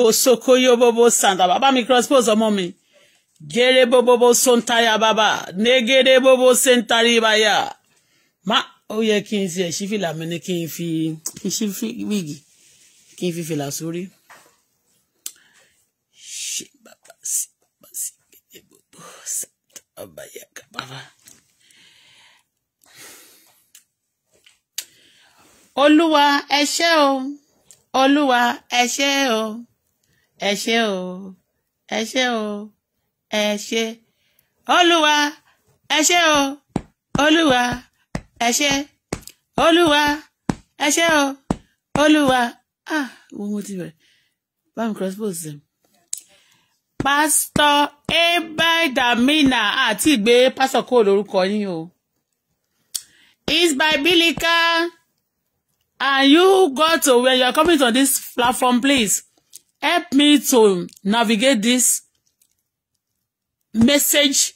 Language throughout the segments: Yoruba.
bo soko yo bobo santa bàbá mi cross pose ọmọ mi gere bobobo sontaya bàbá negere bobo sentari ya. ma ó yẹ kí n ti ẹ̀ sí fìlà mi ni kí n fi kí n sí wíìgì kí n fi fìlà sórí. ṣe bàbá sí bàbá sí gẹ́gẹ́ gbogbo sàtọ́ ọba yàgà bàbá. olúwa ẹ ṣé o olúwa ẹ ṣé o ẹ ṣé o ẹ ṣé o ẹ ṣé olúwa ẹ ṣé o olúwa ẹ ṣé olúwa ẹ ṣé o olúwa ah wo mo ti bẹ̀rẹ̀ báwo cross post ẹ pásítọ̀ Abel àti ìgbé pásítọ̀ kúrò lórúkọ yín o is biblical and you go to when you are coming to this platform please help me to navigate this message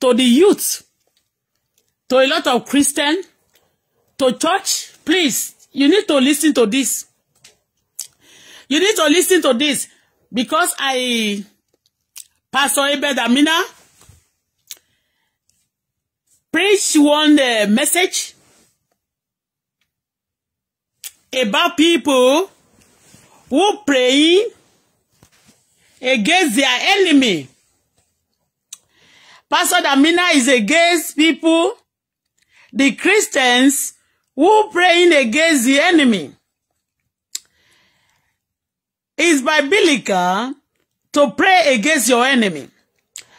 to the youth, to a lot of Christian, to church. Please, you need to listen to this. You need to listen to this because I, Pastor Ebed Amina, preached one uh, message about people who pray against their enemy. Pastor Damina is against people, the Christians who praying against the enemy. It's biblical to pray against your enemy.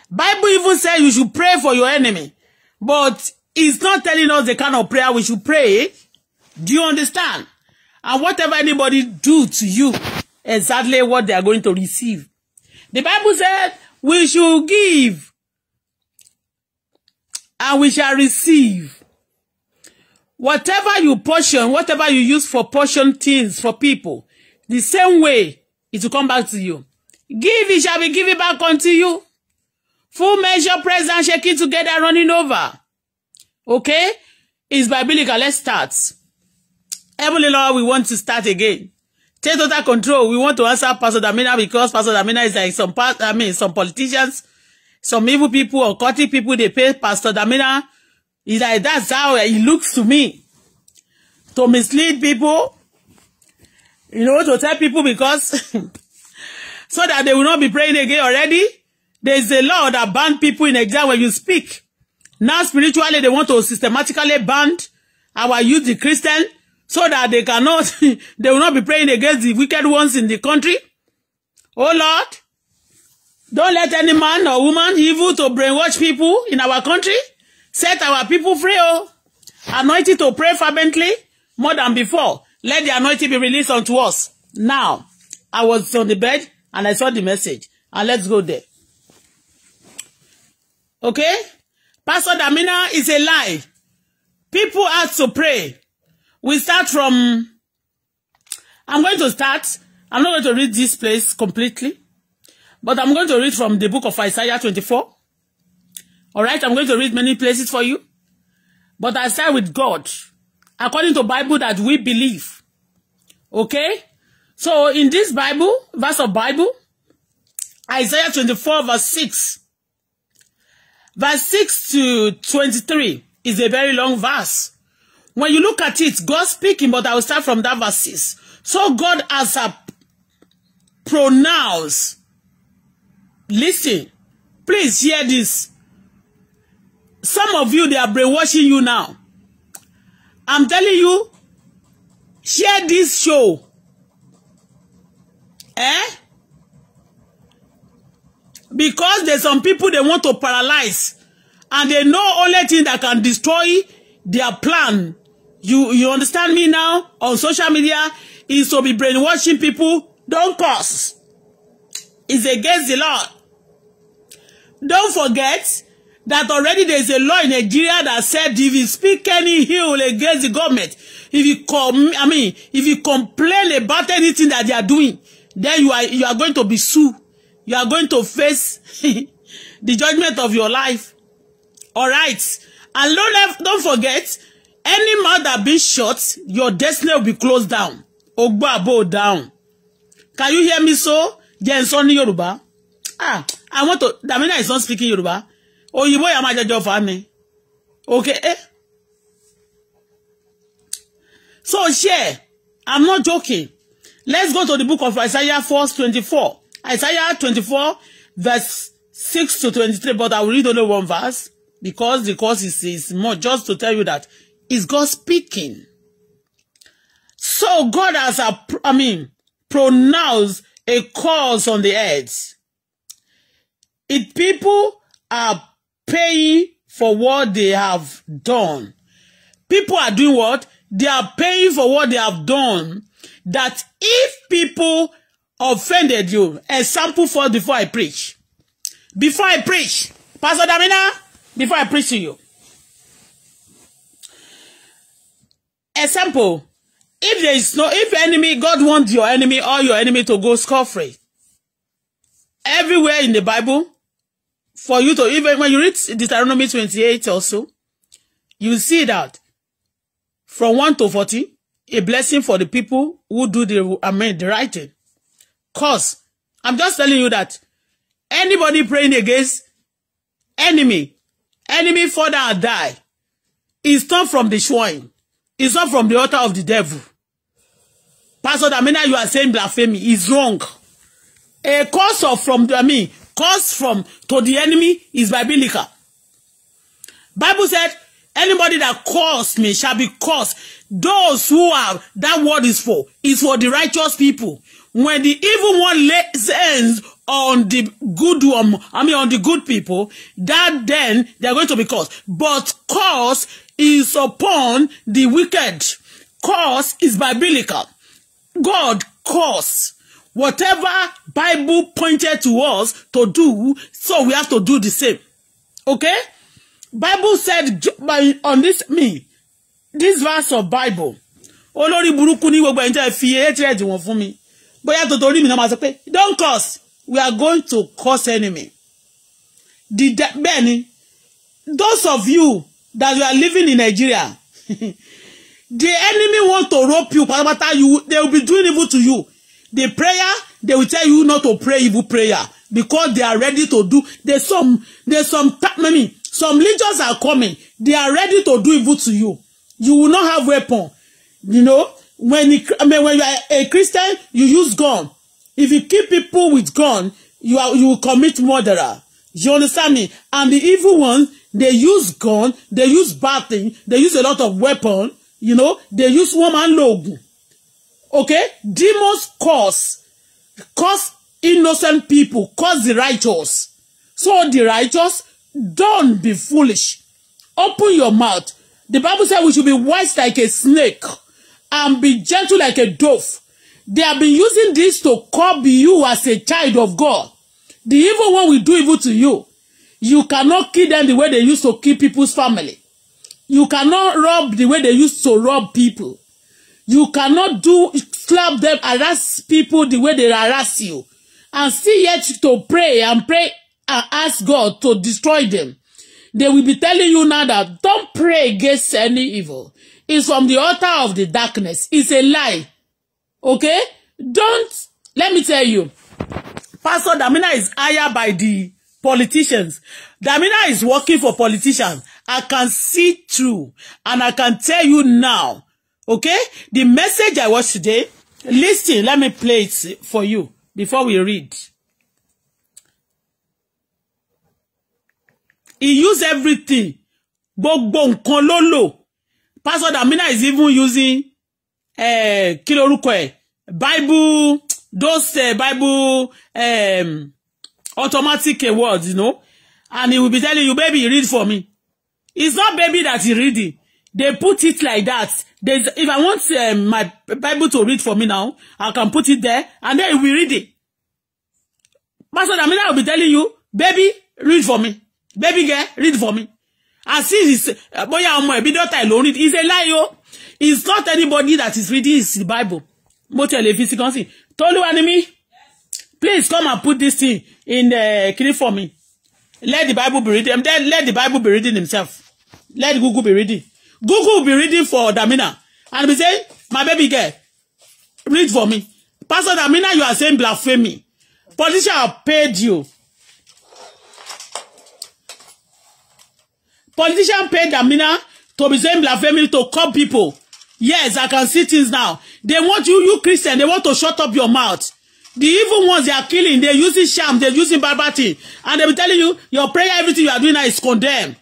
Bible even says you should pray for your enemy. But it's not telling us the kind of prayer we should pray. Do you understand? And whatever anybody do to you, exactly what they are going to receive. The Bible said, we should give and we shall receive. Whatever you portion, whatever you use for portion things for people, the same way it will come back to you. Give, it shall be given back unto you. Full measure, press and shake together, running over. Okay? It's biblical. Let's start. Heavenly Lord, we want to start again. Take under control. We want to answer Pastor Damina because Pastor Damina is like some part, I mean, some politicians, some evil people or corrupt people, they pay Pastor Damina. He's like, that's how it looks to me. To mislead people, you know, to tell people because, so that they will not be praying again already. There's a law that ban people in exam when you speak. Now spiritually, they want to systematically ban our youth, the Christian, so that they cannot, they will not be praying against the wicked ones in the country. Oh Lord, don't let any man or woman evil to brainwash people in our country. Set our people free, oh. Anointing to pray fervently more than before. Let the anointing be released unto us. Now, I was on the bed and I saw the message. And let's go there. Okay? Pastor Damina is alive. People have to pray we start from I'm going to start I'm not going to read this place completely but I'm going to read from the book of Isaiah 24 all right I'm going to read many places for you but I start with God according to Bible that we believe okay so in this Bible verse of Bible Isaiah 24 verse 6 verse 6 to 23 is a very long verse When you look at it, God speaking, but I will start from that verses. So God has a pronounce. Listen, please hear this. Some of you, they are brainwashing you now. I'm telling you, share this show. Eh? Because there's some people they want to paralyze and they know only thing that can destroy their plan you you understand me now on social media is to be brainwashing people don't curse it's against the law don't forget that already there is a law in Nigeria that said if you speak any ill against the government if you com I mean if you complain about anything that they are doing then you are you are going to be sued you are going to face the judgment of your life all right and don't don't forget any mouth that be shut your destiny will be closed down ogbó àbò down can you hear me so jẹ́ n sọ ní ah i want to damina is not speaking yorùbá òyìnbó yà máa jẹjọ fà mí okay eh? so share i'm not joking let's go to the book of isaiah four twenty-four isaiah twenty-four verse six to twenty-three but i will read only one verse because the course is is more just to tell you that is God speaking. So God has, a, I mean, pronounced a cause on the earth. If people are paying for what they have done, people are doing what? They are paying for what they have done. That if people offended you, example for before I preach. Before I preach, Pastor Damina, before I preach to you, Example, if there is no, if enemy, God wants your enemy or your enemy to go scot-free. Everywhere in the Bible, for you to, even when you read Deuteronomy 28 also, you see that from 1 to 40, a blessing for the people who do the, I mean, the right thing. Cause, I'm just telling you that anybody praying against enemy, enemy father die, is turned from the shrine. It's not from the altar of the devil. Pastor Damina, you are saying blasphemy. It's wrong. A cause of from the, I mean, cause from to the enemy is biblical. Bible said, anybody that curse me shall be cursed. Those who are, that word is for, is for the righteous people. When the evil one lays hands on the good one, I mean on the good people, that then they are going to be cursed. But curse is upon the wicked. Curse is biblical. God curse whatever Bible pointed to us to do, so we have to do the same. Okay? Bible said by on this me, this verse of Bible. Olórí burúkú ní gbogbo ẹni tẹ́ fi hatred wọn fún mi. Bóyá tòtòrí mi náà máa sọ pé don't curse. We are going to curse enemy. The bẹ́ẹ̀ ni those of you that you are living in Nigeria. the enemy want to rope you, patapata, you, they will be doing evil to you. The prayer, they will tell you not to pray evil prayer because they are ready to do. There's some, there's some, I mean, some legions are coming. They are ready to do evil to you. You will not have weapon. You know, when, it, I mean, when you are a Christian, you use gun. If you kill people with gun, you are, you will commit murderer. You understand me? And the evil ones, They use gun, they use bad thing, they use a lot of weapon, you know, they use woman logo. Okay? Demons cause, cause innocent people, cause the righteous. So the righteous, don't be foolish. Open your mouth. The Bible says we should be wise like a snake and be gentle like a dove. They have been using this to curb you as a child of God. The evil one will do evil to you. You cannot kill them the way they used to kill people's family. You cannot rob the way they used to rob people. You cannot do slap them, harass people the way they harass you. And still yet to pray and pray and ask God to destroy them. They will be telling you now that don't pray against any evil. It's from the altar of the darkness. It's a lie. Okay? Don't, let me tell you, Pastor Damina is hired by the politicians. Damina is working for politicians. I can see through and I can tell you now. Okay? The message I watched today, listen, let me play it for you before we read. He used everything. Gbogbo kololo. Pastor Damina is even using eh kí Bible those uh, Bible um automatic words, you know. And he will be telling you, baby, read for me. It's not baby that is reading. They put it like that. They, if I want uh, my Bible to read for me now, I can put it there, and then it will read it. Pastor Damina will be telling you, baby, read for me. Baby girl, read for me. As if it's, bóyá ọmọ ẹ̀bí daughter ló it? It's a lie, yo. Oh. It's not anybody that is reading the Bible. Mo tẹ̀lé fi sí kan sí. Tolúwa ni please come and put this thing in the clean for me let the bible be reading then let the bible be reading himself let google be reading google be reading for damina and be say my baby girl read for me pastor damina you are saying blasphemy politician paid you politician paid damina to be saying blasphemy to call people yes i can see things now they want you you christian they want to shut up your mouth The evil ones they are killing, they're using sham, they're using barbarity. And they'll be telling you, your prayer, everything you are doing now is condemned.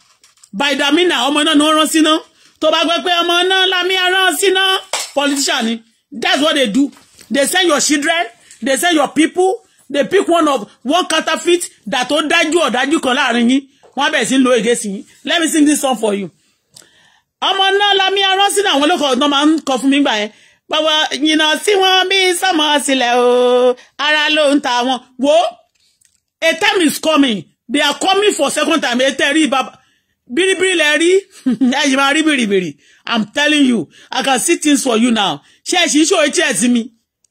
By Damina, ọmọ náà ni wọ́n rán síná. Tó bá la pé ọmọ náà Politician That's what they do. They send your children, they send your people, they pick one of one counterfeit that ó dájú you or láàrin you. Wọ́n bẹ̀rẹ̀ sí ń lo ègé sí Let me sing this song for you. Ọmọ la lámì rán síná àwọn olókọ̀ọ́ náà máa mi gbà yẹn bàbá yìnyín sí wọn bí sọmọ sílẹ̀ o ara ló ń ta wọn wo a time is coming they are coming for second time ètè rí bàbá bìrìbìrì lẹ rí ẹ̀yin máa rí bìrìbìrì i'm telling you i can see things for you now ṣe ẹ ṣì ń ṣòro iṣẹ́ mi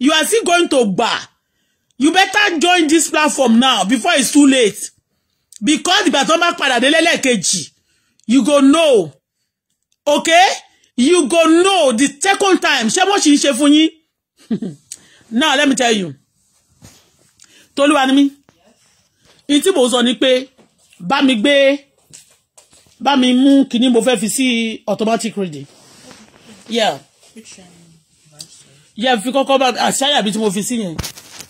you are still going to gbà you better join this platform now before it's too late because ìgbà tó bá padà dé lẹ́lẹ́kejì you go know okay you go know the second time ṣé bó ṣì ṣe fún yín now let me tell you tolúwa ni mí ní tí mo sọ ni pé bá mi gbé bá mi mú kíní mo fẹ́ fi sí automatic reading yeah yeah fi kọ́kọ́ bá àṣàyà bí tí mo fi sí yẹn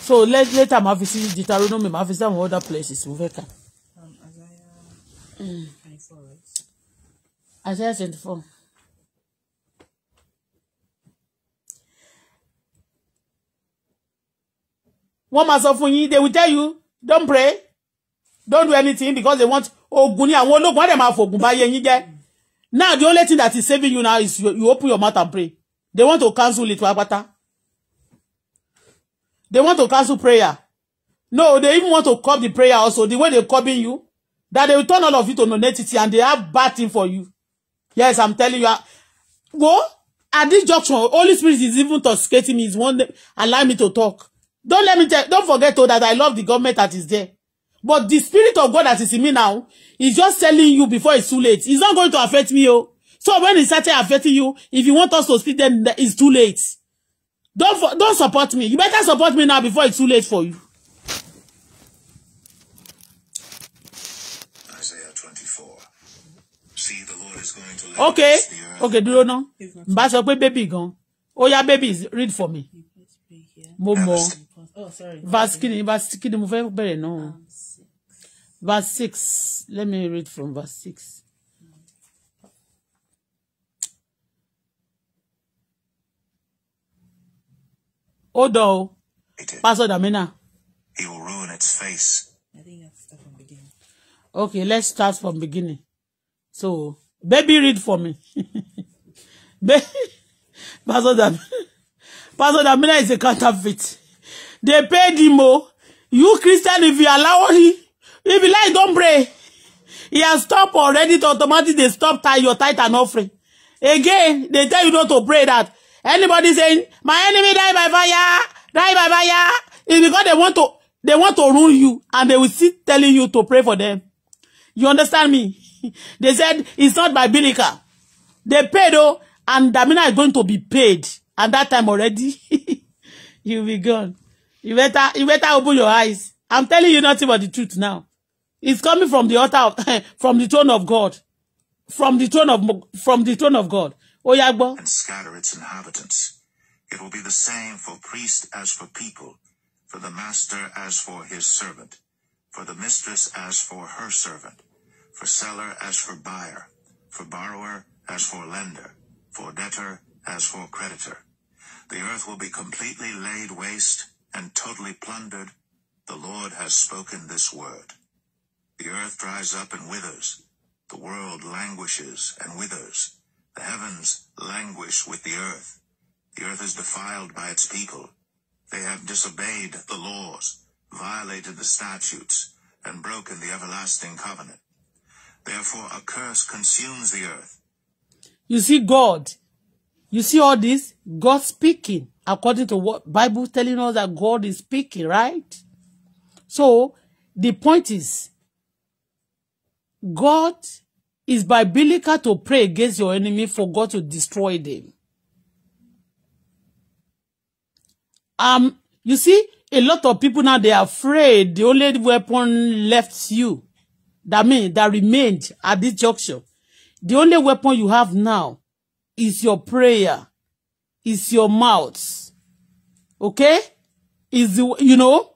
so let later máa fi sí Deuteronomy máa fi sí àwọn other places mo fẹ́ kà. Um, Isaiah mm. twenty four. wọ́n máa sọ you? they will tell you don't pray don't do anything because they want ogun ni àwọn ológun wọ́n dẹ̀ máa fògùn bá yẹ yín now the only thing that is saving you now is you, you open your mouth and pray they want to cancel it wapata they want to cancel prayer no they even want to curb the prayer also the way they curbing you that they will turn all of you to nonentity and they have bad thing for you yes i'm telling you go at this junction holy spirit is even toxicating me is one allow me to talk Don't let me tell don't forget though that I love the government that is there. But the spirit of God that is in me now is just telling you before it's too late. It's not going to affect me, oh. So when it started affecting you, if you want us to speak, then it's too late. Don't for, don't support me. You better support me now before it's too late for you. Isaiah 24. See, the Lord is going to okay. Okay, Do you know? sọ pé baby gan. Oh yeah, babies. read for me. Mo mọ̀ oh sorry verse kí verse kí ni mo fẹ́ bẹ̀rẹ̀ náà um, verse six let me read from verse six. Hold on. Pastor Damina. He will ruin its face. I think let's start from beginning. Okay, let's start from beginning. So, baby, read for me. Baby, Pastor Damina. Pastor Damina is a counterfeit. They paid him. Oh. You Christian, if you allow him, if you like, don't pray. He has stopped already to automatically they stop tie your tithe and offering. Again, they tell you not to pray that. Anybody saying, my enemy die by fire, die by fire, it's because they want to they want to ruin you and they will sit telling you to pray for them. You understand me? they said, it's not by biblical. They paid though, and Damina is going to be paid. and that time already, you'll be gone. You better, you better open your eyes. I'm telling you nothing but the truth now. It's coming from the altar, of, from the throne of God, from the throne of, from the throne of God. Oh yeah, gbọ́. And scatter its inhabitants. It will be the same for priest as for people, for the master as for his servant, for the mistress as for her servant, for seller as for buyer, for borrower as for lender, for debtor as for creditor. The earth will be completely laid waste and totally plundered, the Lord has spoken this word. The earth dries up and withers, the world languishes and withers, the heavens languish with the earth. The earth is defiled by its people. They have disobeyed the laws, violated the statutes, and broken the everlasting covenant. Therefore, a curse consumes the earth. You see God. You see all this? God speaking. according to what Bible telling us that God is speaking, right? So the point is, God is biblical to pray against your enemy for God to destroy them. Um, you see, a lot of people now they are afraid the only weapon left you, that means that remained at this juncture. The only weapon you have now is your prayer is your mouth. Okay? Is the you know?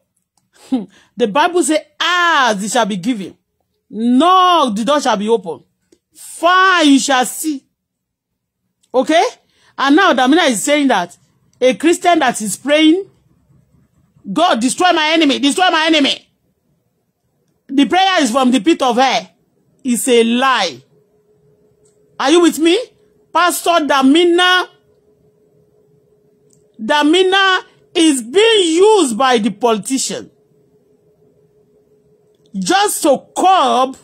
the Bible says, as it shall be given. Knock, the door shall be open. Far you shall see. Okay? And now Damina is saying that a Christian that is praying, God, destroy my enemy, destroy my enemy. The prayer is from the pit of hell. It's a lie. Are you with me? Pastor Damina Damina is being used by the politician just to curb,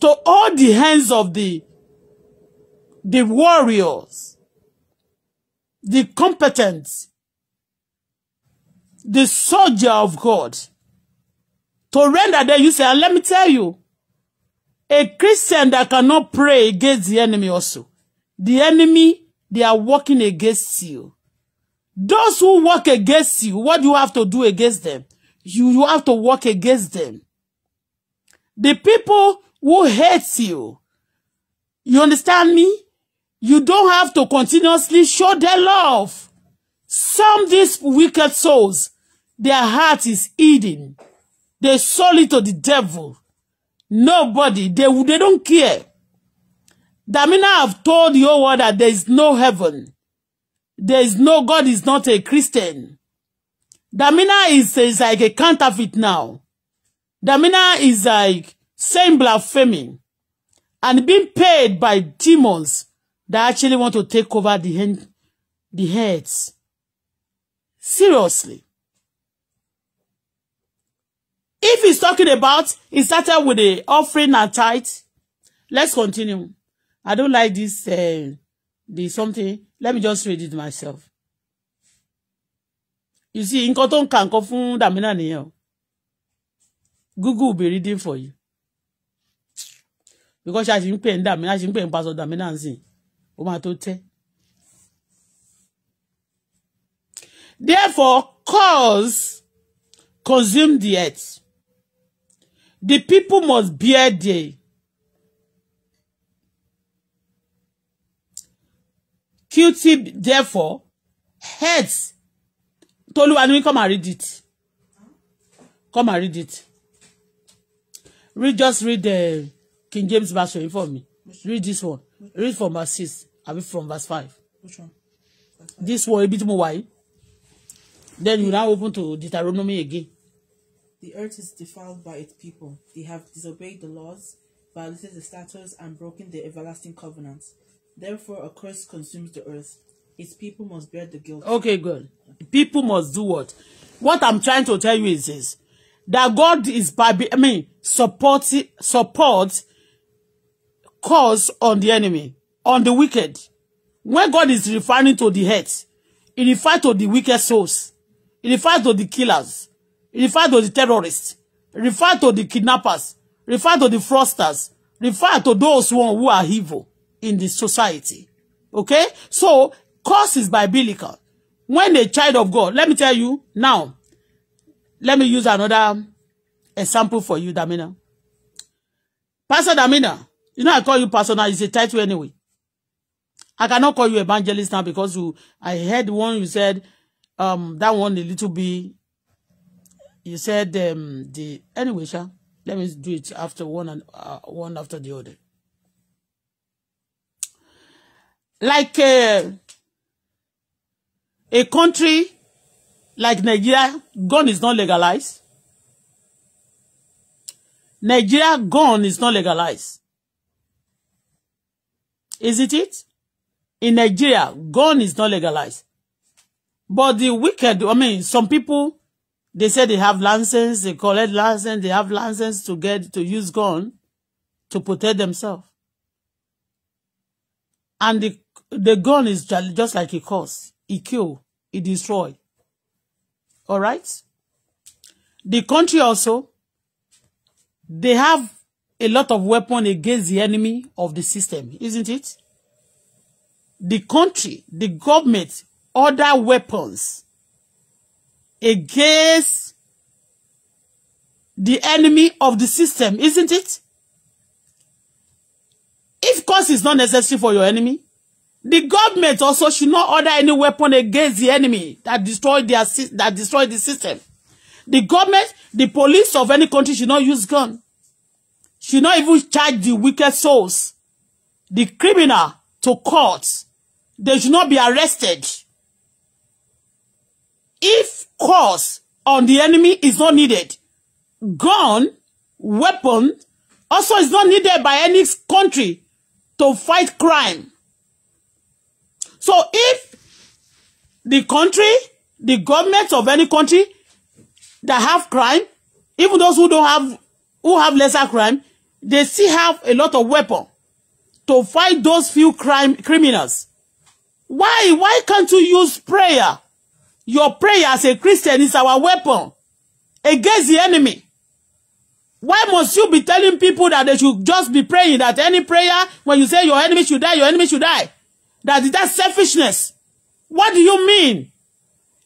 to hold the hands of the, the warriors, the competent, the soldier of God, to render them useless. And let me tell you, a Christian that cannot pray against the enemy also, the enemy They are working against you. Those who work against you, what do you have to do against them? You, you have to work against them. The people who hate you, you understand me? You don't have to continuously show their love. Some these wicked souls, their heart is eating. They sold it to the devil. Nobody, they, they don't care. Damina have told the whole world that there is no heaven. There is no God is not a Christian. Damina is, is like a counterfeit now. Damina is like saying blaspheming and being paid by demons that actually want to take over the hand, the heads. Seriously. If he's talking about, he started with the offering and tithe. Let's continue. I don't like this uh, the something. Let me just read it myself. You see, in tó ń ka nǹkan fún Damina nìyẹn Google will be reading for you. Because ṣe àti ń pè ń Damina, ṣe ń pè ń pàṣọ Damina ń sìn. Ó máa tó Therefore, cause consume the earth. The people must bear their Q tip, therefore heads toluwa ni come and read it come and read it read just read the eh, King James version for me read this one read from verse six abi from verse five this one a bit more wà then you now open to Deuteronomy again. The earth is defiled by its people. They have disobeyed the laws, violated the statutes, and broken the everlasting covenants. Therefore, a curse consumes the earth. Its people must bear the guilt. Okay, good. People must do what? What I'm trying to tell you is this. That God is, I mean, support, support cause on the enemy, on the wicked. When God is referring to the head, he refers to the wicked souls. He refers to the killers. He refers to the terrorists. refers to the kidnappers. refers to the fraudsters. refers to those who are evil in the society. Okay? So, curse is biblical. When a child of God, let me tell you now, let me use another example for you, Damina. Pastor Damina, you know I call you pastor now, it's a title anyway. I cannot call you evangelist now because you, I heard one you said, um, that one a little bit, you said um, the, anyway, sir. let me do it after one and uh, one after the other. like a, uh, a country like Nigeria, gun is not legalized. Nigeria gun is not legalized. Is it it? In Nigeria, gun is not legalized. But the wicked, I mean, some people, they say they have license, they collect license, they have license to get, to use gun to protect themselves. And the, the gun is just like he caused. it kill, it destroy. All right? The country also, they have a lot of weapon against the enemy of the system, isn't it? The country, the government, other weapons against the enemy of the system, isn't it? If cause is not necessary for your enemy, the government also should not order any weapon against the enemy that destroy their that destroy the system. The government, the police of any country should not use gun. Should not even charge the wicked souls, the criminal to court. They should not be arrested. If cause on the enemy is not needed, gun, weapon also is not needed by any country to fight crime. So if the country, the government of any country that have crime, even those who don't have, who have lesser crime, they still have a lot of weapon to fight those few crime criminals. Why? Why can't you use prayer? Your prayer as a Christian is our weapon against the enemy. Why must you be telling people that they should just be praying that any prayer when you say your enemy should die, your enemy should die? That is that selfishness. What do you mean?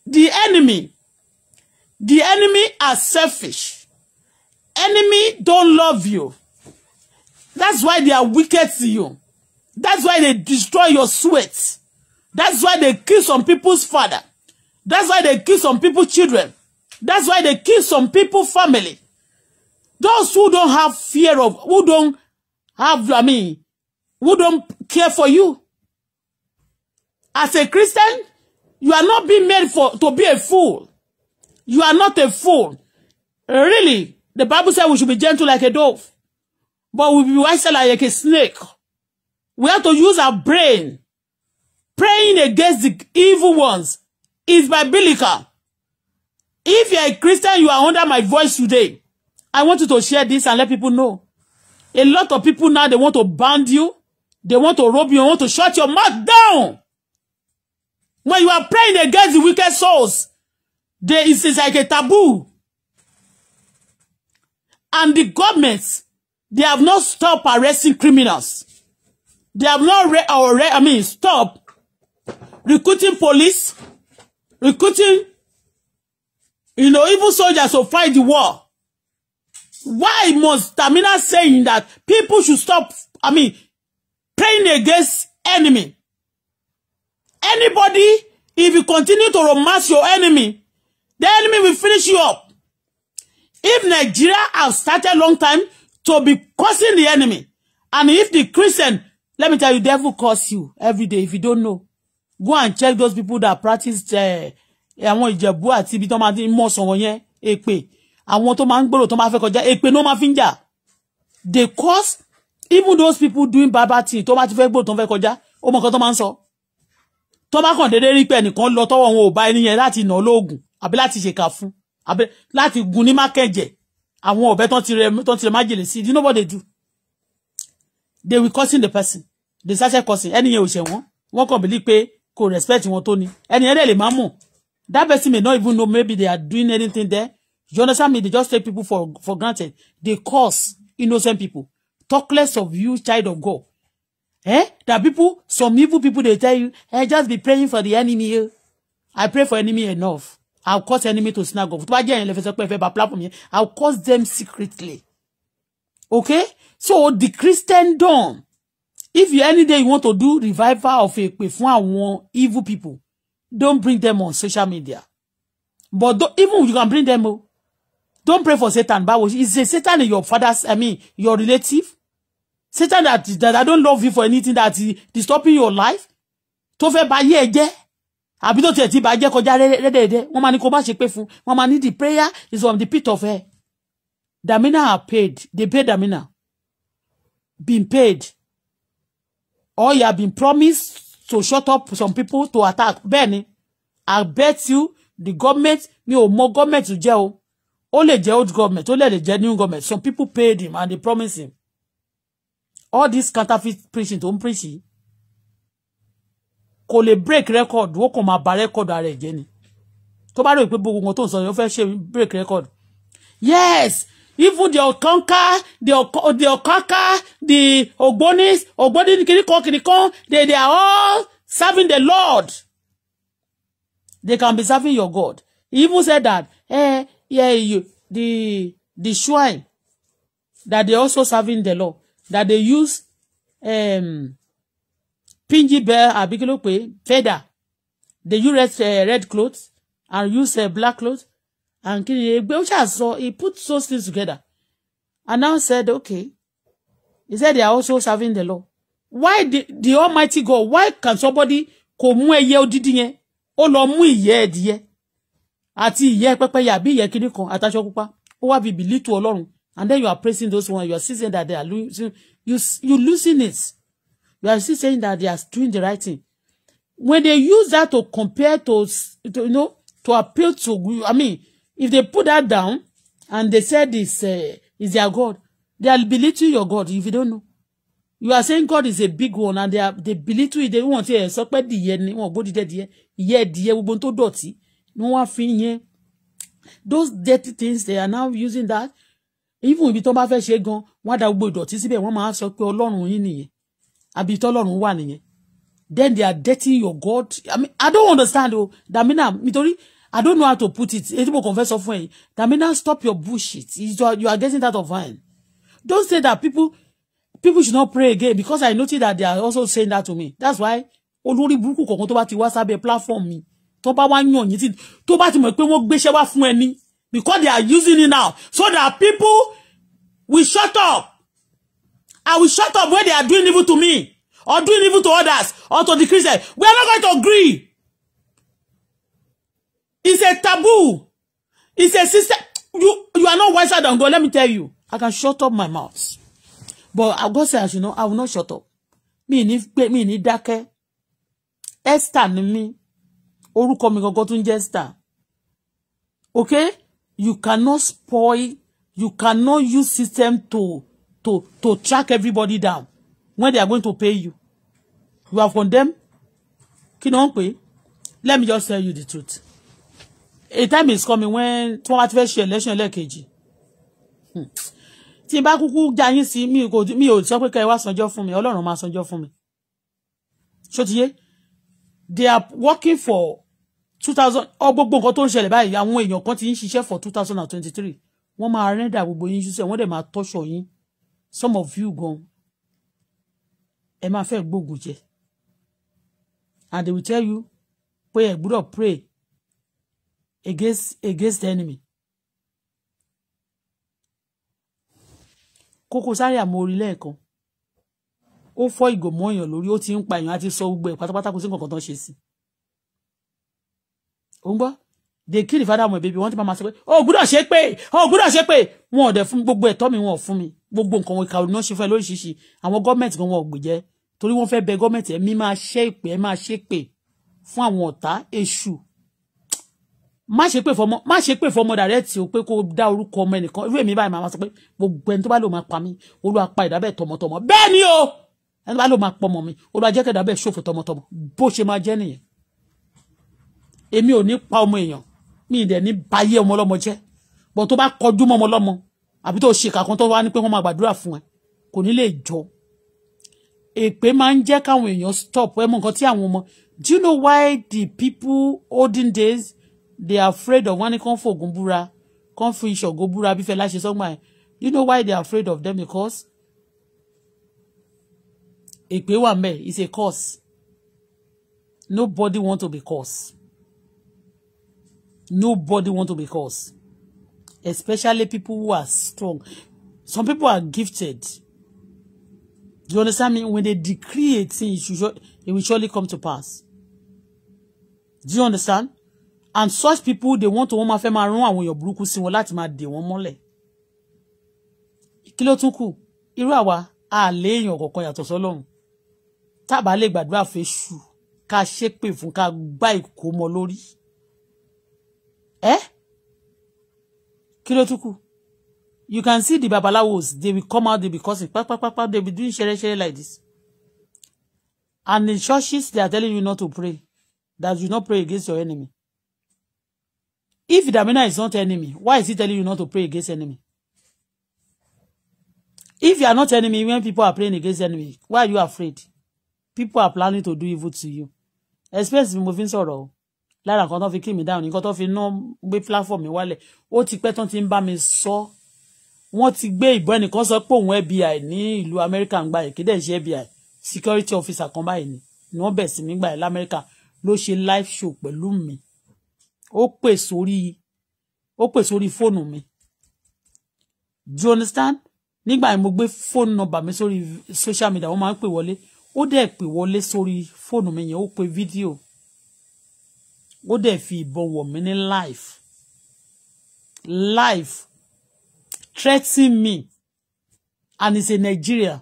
The enemy. The enemy are selfish. Enemy don't love you. That's why they are wicked to you. That's why they destroy your sweat. That's why they kill some people's father. That's why they kill some people's children. That's why they kill some people's family. Those who don't have fear of, who don't have, I mean, who don't care for you. As a Christian, you are not being made for to be a fool. You are not a fool. Really, the Bible says we should be gentle like a dove, but we be wiser like a snake. We have to use our brain. Praying against the evil ones is biblical. If you are a Christian, you are under my voice today. I want you to share this and let people know. A lot of people now, they want to ban you. They want to rob you. They want to shut your mouth down. When you are praying against the wicked souls, there is it's like a taboo. And the governments, they have not stopped arresting criminals. They have not, re or re I mean, stop recruiting police, recruiting, you know, even soldiers to fight the war. Why must Tamina saying that people should stop, I mean, praying against enemy? Anybody, if you continue to romance your enemy, the enemy will finish you up. If Nigeria has started a long time to be cursing the enemy, and if the Christian, let me tell you, devil curse you every day if you don't know. Go and check those people that practice eh, àwọn Ìjẹ̀bú àti ibi tó máa ti mọ̀ sọ̀rọ̀ yẹn èpè àwọn tó máa ń gbòòrò tó máa fẹ́ kọjá èpè ló máa fi ń jà they cause even those people doing bad bad thing tó bá ti fẹ́ gbòòrò tó ń fẹ́ kọjá ó mọ nǹkan tó máa ń sọ tó bá kàn déédéé rí pé ẹnìkan lọ tọwọ́ wọn ò bá ẹni yẹn láti nà lóògùn àbí láti ṣèkà fún àbí láti gun ní mákẹ́jẹ̀ àwọn ọ̀bẹ tán ti rẹ tán ti rẹ májèlé sí you know what they do they will cursing the person they start cursing ẹni yẹn ò ṣẹ̀ wọ́n wọ́n kàn believe pé kò respect wọn tó ni ẹni yẹn dẹ̀ lè má mọ̀ that person may not even know maybe they are doing anything there You understand me? They just take people for, for granted. They cause innocent people. Talk less of you, child of God. Eh? There are people, some evil people, they tell you, hey, eh, just be praying for the enemy. I pray for enemy enough. I'll cause enemy to snag off. I'll cause them secretly. Okay? So the Christian Christendom, if you any day you want to do revival of a one one evil people, don't bring them on social media. But even you can bring them, Don't pray for Satan. But is Satan your father's, I mean, your relative? Satan that, that I don't love you for anything that is disturbing your life? Tó ba ye ẹ jẹ́? Àbí tó tiẹ̀ ti ba jẹ́ kọjá rẹ́dẹ̀ẹ́dẹ́? Wọ́n máa ni kó má ṣe pé fún. Wọ́n máa ní the prayer is from the pit of hell. Damina are paid. They pay Damina. Been paid. Or you have been promised to shut up some people to attack. Bẹ́ẹ̀ni, I bet you the government mi ò mọ government to jail ó lè jẹ́ old government ó lè lè jẹ́ new government some people paid him and they promised him all this counterfeit preaching tó ń preach kò lè break record ó kàn máa ba record ara ẹ̀ jẹ́ ni tó bá rò pé gbogbo nǹkan tó ń sọ yẹn fẹ́ ṣe break record yes even the okanka the ok the okaka the ogbonis ogboni kirikan kirikan they they are all serving the lord they can be serving your god he even said that eh Yeah, you the the shrine that they also serving the Lord that they use um, pinji bear abikilope feather they use red, uh, red clothes and use uh, black clothes and kini egbe so he put those things together and now said okay he said they are also serving the Lord why the, the Almighty God why can somebody kò mú ẹyẹ odidi yẹn ó mu mú ìyẹ́ ẹdìyẹ àti ìyẹ́ pẹ́pẹ́yẹ àbí ìyẹ́ kíní kan àtàṣọ pupa ó wá bìbì lítò ọlọ́run and then you are praising those ones you are seeing that they are losing you you losing it you are still saying that they are doing the right thing when they use that to compare to, to you know to appeal to I mean if they put that down and they say this uh, is their God they are belittling your God if you don't know you are saying God is a big one and they are they belittle it they want to sọ pé dìyẹ ni wọn gbódìdẹ dìyẹ ìyẹ dìyẹ gbogbo tó dọ̀tí ni wọ́n á fi those dirty things they are now using that even ibi tó bá fẹ́ ṣe gan wọ́n á da gbogbo ìdọ̀tí síbẹ̀ wọ́n máa sọ pé ọlọ́run yín nìyẹn àbí tọ́lọ́run wà nìyẹn then they are dirty your God I mean I don't understand o Damina nítorí I don't know how to put it èyí tí mo kàn fẹ́ sọ fún ẹ Damina stop your bullshit you are, you are getting that of mine. don't say that people people should not pray again because I noticed that they are also saying that to me that's why olórí burúkú kọ̀ọ̀kan tó bá ti wá sábẹ́ platform mi tó bá wá yàn yín tí tó bá ti mọ̀ pé wọ́n gbéṣẹ́ wá fún ẹni because they are using it now so that people will shut up I will shut up when they are doing evil to me or doing evil to others or to the Christians. We are not going to agree. It's a taboo. It's a system. You, you are not wiser than God. Let me tell you. I can shut up my mouth. But I God says, you know, I will not shut up. Me ni, me ni dákẹ́. Esther ni me orúkọ mi gangan tún jẹ́ star okay you cannot spoil you cannot use system to to to track everybody down when they are going to pay you you have condemned kí ni wọ́n pè let me just tell you the truth a time is coming when tí wọ́n bá ti fẹ́ ṣe election ẹlẹ́ẹ̀kejì hmm. tí n bá kúkú já yín sí mi kò mi ò sọ pé kẹ́ ẹ wá sanjọ́ fún mi ọlọ́run máa sanjọ́ fún mi ṣó ti yé they are working for two thousand ọ gbogbo nǹkan tó ń ṣẹlẹ̀ báyìí àwọn èèyàn kan ti ń ṣiṣẹ́ for two thousand and twenty three wọ́n máa rẹ́ndà gbogbo yín ṣiṣẹ́ wọ́n dẹ̀ máa tọ́ṣọ yín some of you gan ẹ máa fẹ́ gbógun jẹ and they will tell you pé ẹ gbúdọ̀ pray against against the enemy Koko Zaria mo rí lẹ́ẹ̀kan ó fọ́ ìgò mọ́ èèyàn lórí ó ti ń pa èèyàn àti sọ gbogbo ẹ̀ pátápátá kò sí nǹkan kan tó ń ṣe sí i ò ń gbọ́ they kill the father of my baby wọ́n ti máa ma sọ pé o oh, gbúdọ̀ ṣe pé o oh, gbúdọ̀ ṣe pé wọn ò dẹ̀ fún gbogbo ẹ̀tọ́ mi wọn ò fún mi gbogbo nǹkan wọn ìkàwé náà ṣe fún ẹ lóríṣiríṣi àwọn gọ́ọ̀mẹ̀ntì gan wọn ò gbèjẹ́ torí wọ́n fẹ́ bẹ gọ́ọ̀mẹ̀ntì ẹ̀mí máa ṣe ìpè ẹ̀ máa ṣe pè fún àwọn ọ̀tá èṣù má ṣe pè fọmọ má ṣe pè fọmọ dàrẹ́tì o pé kó dá orúkọ ọmọ ẹnìkan irú èmi báyìí máa sọ pé gbogbo ẹni tó bá lò máa pa mí olúwa pa ìdábẹ́ tọmọtọmọ bẹ́ẹ̀ ni o ẹni tó bá lò máa pọmọ mi olúwa jẹ́ kẹ́dábẹ́ ṣòfò tọmọtọmọ bó ṣe máa jẹ́ nìyẹn èmi ò ní pa ọmọ èèyàn mi ì dẹ̀ ní bayé ọmọ ọlọ́mọ jẹ́ bọ̀ tó bá kọjú mọ́ ọmọ ọlọ́mọ àbí tó ṣe kàkan tó wá ní pé wọ́n máa gbàdúrà fún ẹ kò ní lè jọ èpè máa ń jẹ́ káwọn stop ẹ mọ nǹkan tí àwọn ọmọ do you know why the people olden days they are afraid of wọn ní kán fògùn búra kán fi ìṣọ̀gùn búra bí Fẹlá ṣe sọ́gbà ẹ̀ you know why they are afraid of them because èpè wà me, it's a curse nobody want to be cursed. Nobody want to be cursed. Especially people who are strong. Some people are gifted. Do you understand me? When they decree a thing, it will surely come to pass. Do you understand? And such people, they want to wọ́n máa fẹ́ when your àwọn èèyàn burúkú sí wọn láti máa dè wọ́n mọ́lẹ̀. Kí ló tún kù? Irú àwa, a lè èèyàn kọ̀ọ̀kan yàtọ̀ sọ́lọ́run. Tábà lè gbàdúrà fẹ́ ṣù, ká ṣépè fún, ká gbá ìkómọ lórí. Eh? kilotuku, You can see the babalawos, they will come out, they will be cursing. pa, pa, pa, pa, they will be doing shere shere like this. And in churches, they are telling you not to pray, that you not pray against your enemy. If Damina is not enemy, why is he telling you not to pray against enemy? If you are not enemy, when people are praying against enemy, why are you afraid? People are planning to do evil to you. Especially moving sorrow lára nǹkan tó fi kí mi dáhùn nǹkan tó fi ná gbé platform mi wálẹ̀ ó ti pẹ́ tán ti ń bá mi sọ wọ́n ti gbé ìbọn ẹnìkan sọ pé òun FBI ní ìlú Amẹ́ríkà ń gba ìkéde ṣe FBI security officer kan báyìí ni ni wọ́n bẹ̀ sí mi gbà lamẹ́ríkà ló ṣe live show pẹ̀lú mi ó pè sórí ó pè sórí fóònù mi do you understand nígbà yẹn mo gbé fóònù nọ́mbà mi sórí social media wọ́n máa ń pè wọlé ó dẹ̀ pè wọlé sórí fóònù mi yẹn ó pe fídíò ó dẹ̀ fi ìbọn wọ̀ mí ní life life threatening me and it's a Nigeria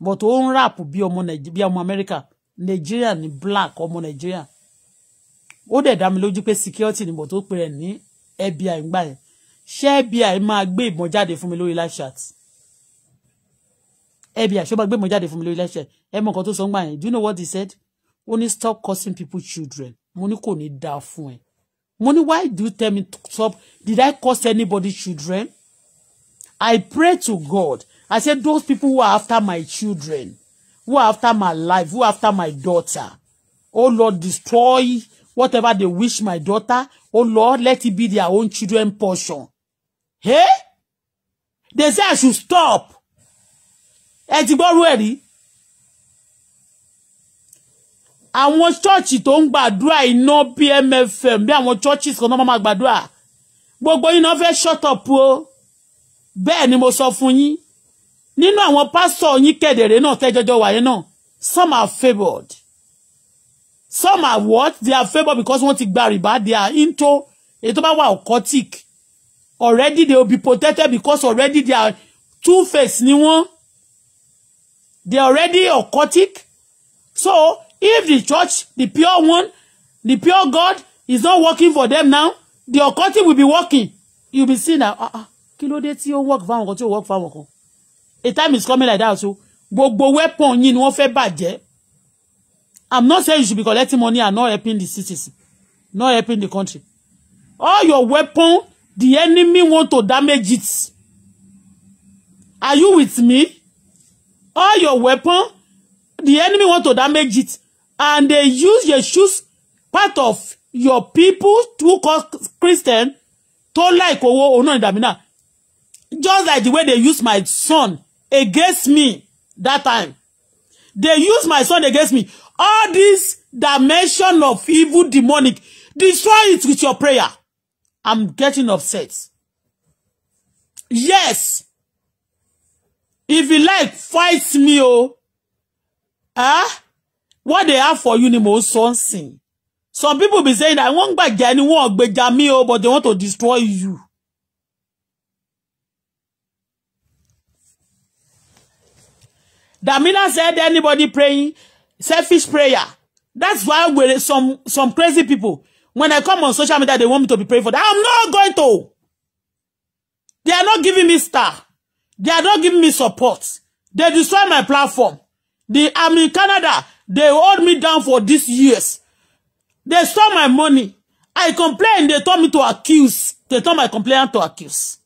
but ó ń rap bí ọmọ bí ọmọ America Nigeria ní black ọmọ Nigeria ó dẹ̀ dá mi lójú pé security ni but ó pè rẹ̀ ní FBI ń gbà yẹn ṣé FBI máa gbé ìbọn jáde fún mi lórí live chat FBI ṣé ó máa gbé ìbọn jáde fún mi lórí live chat ẹ mọ nǹkan tó sọ ń gbà yẹn do you know what he said ó ní stop causing people children mo ní kò ní dáa fún ẹ mo ní why do you tell me to stop did I cause anybody children I pray to God I said those people who are after my children who are after my life who are after my daughter oh Lord destroy whatever they wish my daughter oh Lord let it be their own children portion hey eh? they say I should stop ẹ ti gbọ́rú ẹ̀ rí àwọn ṣọ́ọ̀ṣì tó ń gbàdúrà iná PMFM bí àwọn churches kan náà máa gbàdúrà gbogbo yín náà fẹ́ shut up o bẹ́ẹ̀ ni mo sọ fún yín nínú àwọn pásítọ̀ yín kẹ̀dẹ̀rẹ́ náà tẹ́jọjọ wáyé náà some are favoured some are what they are favoured because wọ́n ti gba rìbá they are into èyí tó bá wà occultic already they will be protected because already they are two-faced ni wọ́n they are already occultic so If the church, the pure one, the pure God is not working for them now, the occulting will be working. You'll be seeing that, ah, ah kí ló dé tí work fáwọn kan tí ó work fáwọn kan. A time is coming like that so gbogbo weapon yín ni wọ́n fẹ́ I'm not saying you should be collecting money and not helping the cities, not helping the country. All your weapon, the enemy want to damage it. Are you with me? All your weapon, the enemy want to damage it and they use your shoes part of your people to call Christian to like owó òun náà ni Damina just like the way they use my son against me that time they use my son against me all this dimension of evil demonic destroy it with your prayer I'm getting upset yes if you like fight me oh. huh? Ah? what they have for you ni mò ń sọ some people be saying that wọ́n gbàjà ẹni wọ́n gbèjà mí o but they want to destroy you. Damina said anybody praying selfish prayer that's why we're some some crazy people when I come on social media they want me to be praying for that. I'm not going to they are not giving me star they are not giving me support they destroy my platform The I'm in Canada. They hold me down for these years. They stole my money. I complained. They told me to accuse. They told my complainant to accuse.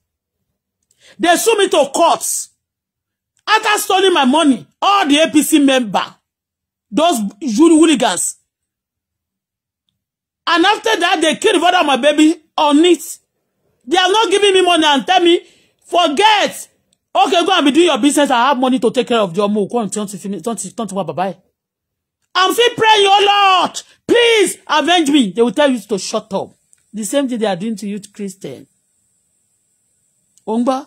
They sued me to courts. After stealing my money, all the APC member, those hooligans. And after that, they killed of my baby on it. They are not giving me money and tell me, forget okay go and be doing your business i have money to take care of your ọmọ òkú ọ̀hún tí wọ́n ti wá bàbá ẹ̀ i'm still praying o oh lord please avenge me they will tell you to shut up the same thing they are doing to you christian ò ń gbọ́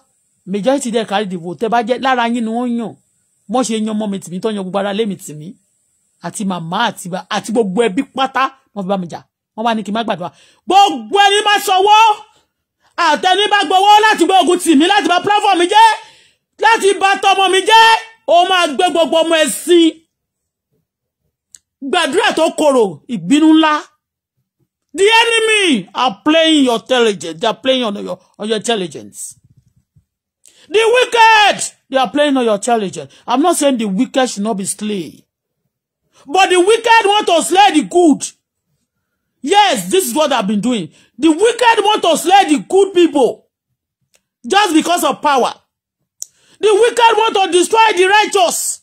majority there carry the vote tẹ́ bá jẹ́ lára yín ni wọ́n yàn wọ́n ṣe yan ọmọ mi tì mí tó yan gbogbo ara lé mi tì mí àti màmá àti àti gbogbo ẹbí pátá wọ́n fi bá mi jà wọ́n wá ní kí n má gbàdúrà gbogbo ẹni má sọwọ́ àtẹni bá gbowó láti gbé ogun tì mí láti bá platform mi jẹ́ láti bá tọmọ mi jẹ́ ó máa gbé gbogbo ọmọ ẹ sí gbàdúrà tó korò ìbínú ńlá the enemy are playing your intelligence they are playing on your on your intelligence the wicked they are playing on your intelligence i'm not saying the wicked should not be slain but the wicked want to slay the good yes this is what i've been doing the wicked want to slay the good people just because of power The wicked want to destroy the righteous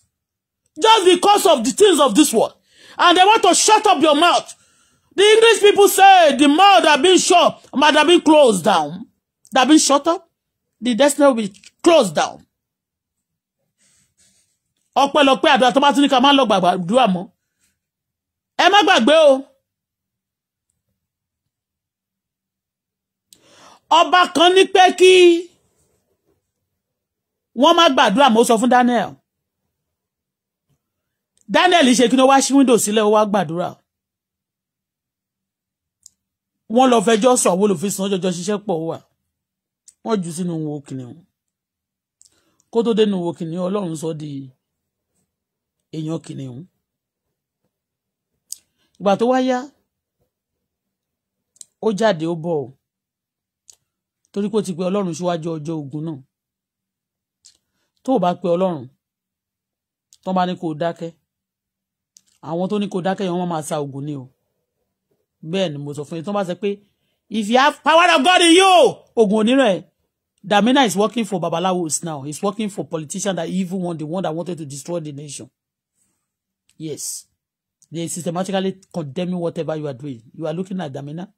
just because of the things of this world. And they want to shut up your mouth. The English people say the mouth that been shut might have been closed down. That been shut up. The destiny will be closed down. Ọpẹ́lọpẹ́ àdúrà tó bá tún ní ká máa lọ gbàgbà àdúrà mọ́. Ẹ má gbàgbé o. Ọba kan ní pé kí wọ́n má gbàdúrà mo sọ fún Daniel Daniel ṣe kí ni ó wá ṣí window sílẹ̀ ó wá gbàdúrà wọ́n lọ fẹjọ́ sọ àwọn olùfisàn jọjọ ṣiṣẹ́ pọ̀ wà wọ́n jù sínú wo kìnìún kó tó dénú wo kìnìún Ọlọ́run sọ di èèyàn kìnìún ìgbà tó wáyá ó jáde ó bọ̀ ọ́ torí pé ó ti pe Ọlọ́run síwájú ọjọ́ ogun náà tó bá pe ọlọ́run tó bá ní kó dákẹ́ àwọn tó ní kó dákẹ́ yẹn wọ́n máa sa ògùn ni o bẹ́ẹ̀ ni mo sọ fún yín tó bá sọ pé if you have power of God in you ògùn onírọ̀ ẹ̀ Damina is working for Babalawo now. He's working for politician that evil one, the one that wanted to destroy the nation. Yes. They systematically condemning whatever you are doing. You are looking at Damina.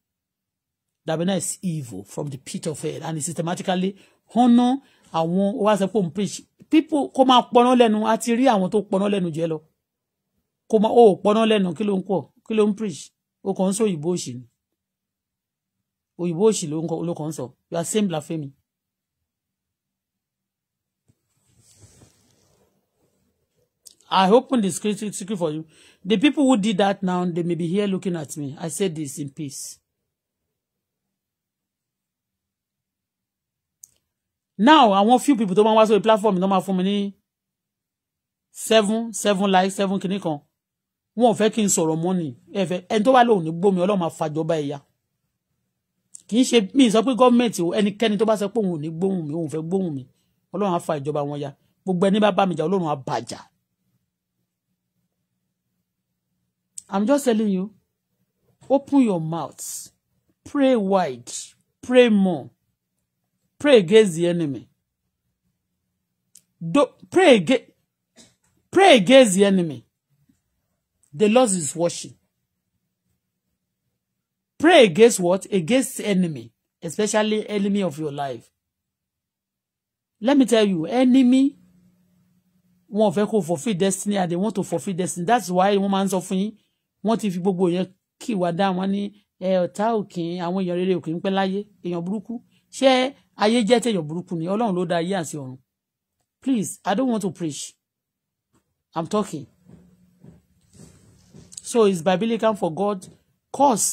Damina is evil from the pit of hell and he systematically honor àwọn wá sọ pé òun preach people kó máa pọnà lẹ́nu a ti rí àwọn tó pọnà lẹ́nu jẹ lọ kó máa ó pọnà lẹ́nu kí ló ń pọ̀ kí ló ń preach ó kàn ń sọ òyìnbó òṣì ni òyìnbó òṣì ló kàn ń sọ you are same blasphemy. I opened the script, script for you. The people who did that now, they may be here looking at me. I said this in peace. now àwọn few people tó máa wá sórí platform náà máa fún mi ní seven seven like seven kìíní kan wọn ò fẹ́ kí n sọ̀rọ̀ mọ́ ni ẹ fẹ́ ẹni tó wá lóun ní gbómi ọlọ́run máa fàjọba ẹ̀yà kì í ṣe mí sọ pé gọ́ọ̀mẹ̀ntì o ẹnikẹ́ni tó bá sọ pé òun ò ní gbóhùn mi òun ò fẹ́ gbóhùn mi ọlọ́run á fa ìjọba wọn ya gbogbo ẹni bá bá mi jà ọlọ́run á bàjà I'm just telling you open your mouth pray wide pray more Pray against the enemy. Do, pray, against, pray against the enemy. The Lord is watching. Pray against what? Against enemy, especially enemy of your life. Let me tell you, enemy wọn ò fẹ́ kó fulfil destiny and they want to fulfil destiny that's why wọ́n máa ń sọ fún yín wọ́n ti fi gbogbo yẹn kí ìwà dá wọn ní ẹ ọ̀tá òkín àwọn èèyàn rere òkín pẹ́ láyé èèyàn burúkú ṣé ayé jẹ́ tèèyàn burúkú ni ọlọ́run ló dá ayé àti ọ̀run please i don't want to preach i'm talking so it's biblical for god cause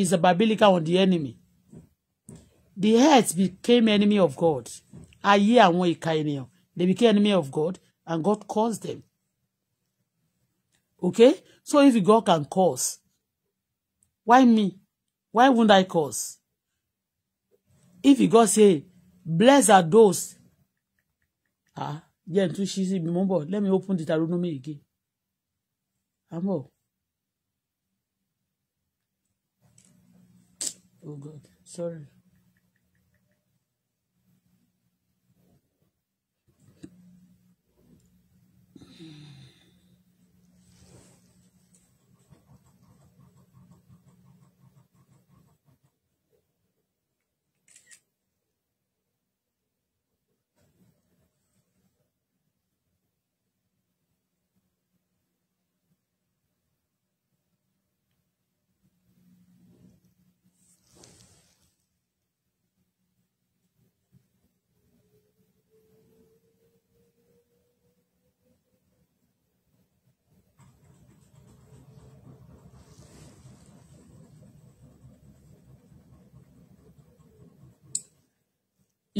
is a biblical on the enemy the earth became enemy of god ayé àwọn ìka ènìyàn they became enemy of god and god caused them okay so if god can cause, why me why wouldn't i cause? if go say bless are those ah jẹ́ n tún ṣí síbi mú let me open the Deuteronomy again Amo. oh God sorry.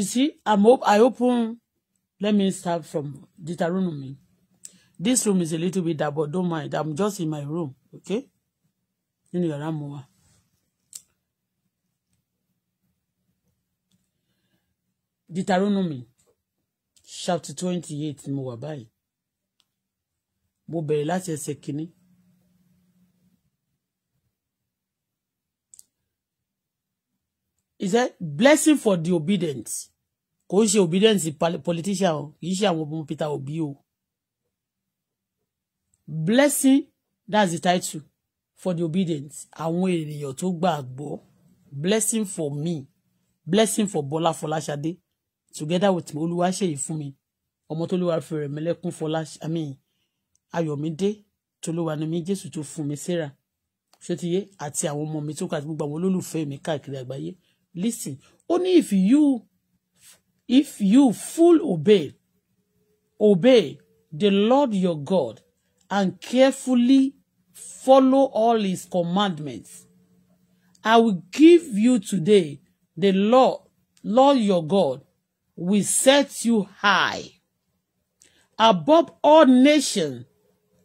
You see, I'm op I open. Let me start from Deuteronomy. This room is a little bit dark, but don't mind. I'm just in my room, okay? Nínú yàrá mo wà. Deuteronomy chapter twenty eight mo wà báyìí. Mo bẹ̀rẹ̀ láti ẹsẹ̀ kìíní. He said, blessing for the obedience? kò ń ṣe obedience politician o kì í ṣe àwọn ọmọ Peter Obi o blessing that's the title for the obedient àwọn ènìyàn tó gbàgbọ́ blessing for me blessing for Bọ́lá Fọláṣadé together with Olúwaṣeyì fún mi ọmọ tó lówà fẹrẹ mẹlẹkùn Fọlá I mean Ayọ̀mídé tó lówà ní mi Jésù tó fún mi Sarah ṣètìyé àti àwọn ọmọ mi tó kà àti gbogbo àwọn olólùfẹ́ mi káàkiri àgbáyé listen only if you if you full obey, obey the Lord your God and carefully follow all his commandments. I will give you today the Lord, Lord your God will set you high above all nations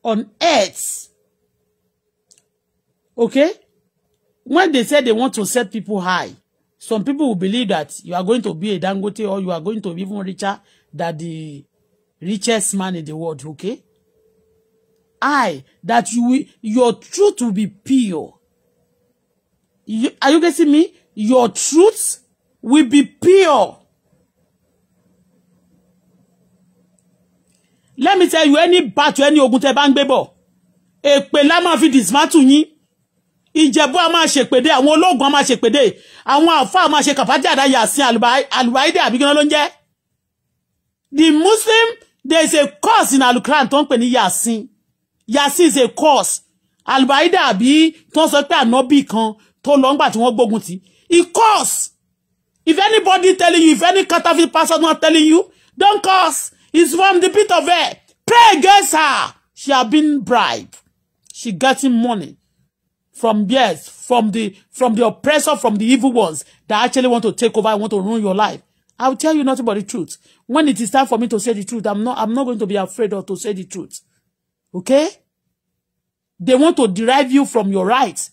on earth. Okay? When they say they want to set people high, some people will believe that you are going to be a Dangote or you are going to be even richer than the richest man in the world, okay? I, that you your truth will be pure. You, are you getting me? Your truth will be pure. Let me tell you, any battle, any ogun tẹ́ bá ń gbé bọ̀, èpè la máa fi dismantle yín ìjẹ̀bú a máa ṣèpèdè àwọn ológun a máa ṣèpèdè àwọn àfa a máa ṣe kàfájà àdá yàsín àlùbáídé àbíkínà ló ń jẹ́ the muslim there is a course in alukran tó ń pè ní yàsín yàsín is a course àlùbáídé àbí tó ń sọ pé ànábì kan tó lọ ńgbà tí wọ́n gbógun tì e course if anybody telling you if any Catholic pastor not telling you don't course. it's from the pit of hell pray against her she have been bribed she getting money from yes, from the from the oppressor, from the evil ones that actually want to take over and want to ruin your life. I'll tell you nothing but the truth. When it is time for me to say the truth, I'm not I'm not going to be afraid or to say the truth. Okay? They want to derive you from your rights.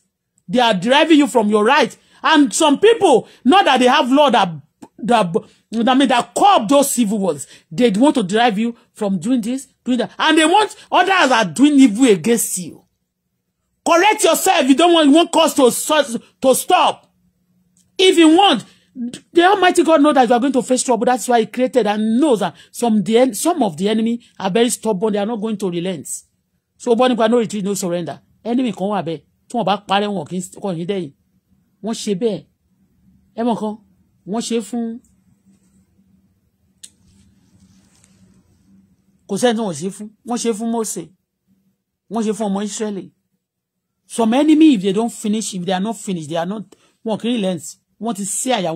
They are deriving you from your rights. And some people, not that they have law that that I mean that curb those evil ones. They want to derive you from doing this, doing that. And they want others are doing evil against you. Correct yourself. You don't want, you want cause to, to stop. If you want, the Almighty God knows that you are going to face trouble. That's why He created and knows that some the some of the enemy are very stubborn. They are not going to relent. So bọ́ni pa no retreat no surrender. Enemy kan wà bẹ́ẹ̀ tí wọ́n bá parẹ́ wọn kì í kọ́ ní dẹ́yìn. Wọ́n ṣe bẹ́ẹ̀ ẹ mọ̀ kan wọ́n ṣe fún kò sẹ́ni tí wọ́n ṣe fún wọ́n ṣe fún Mósè wọ́n ṣe fún ọmọ Ísírẹ́lì some enemy if they don't finish if they are not finished they are not wọn kì í relent wọn ti sí àyà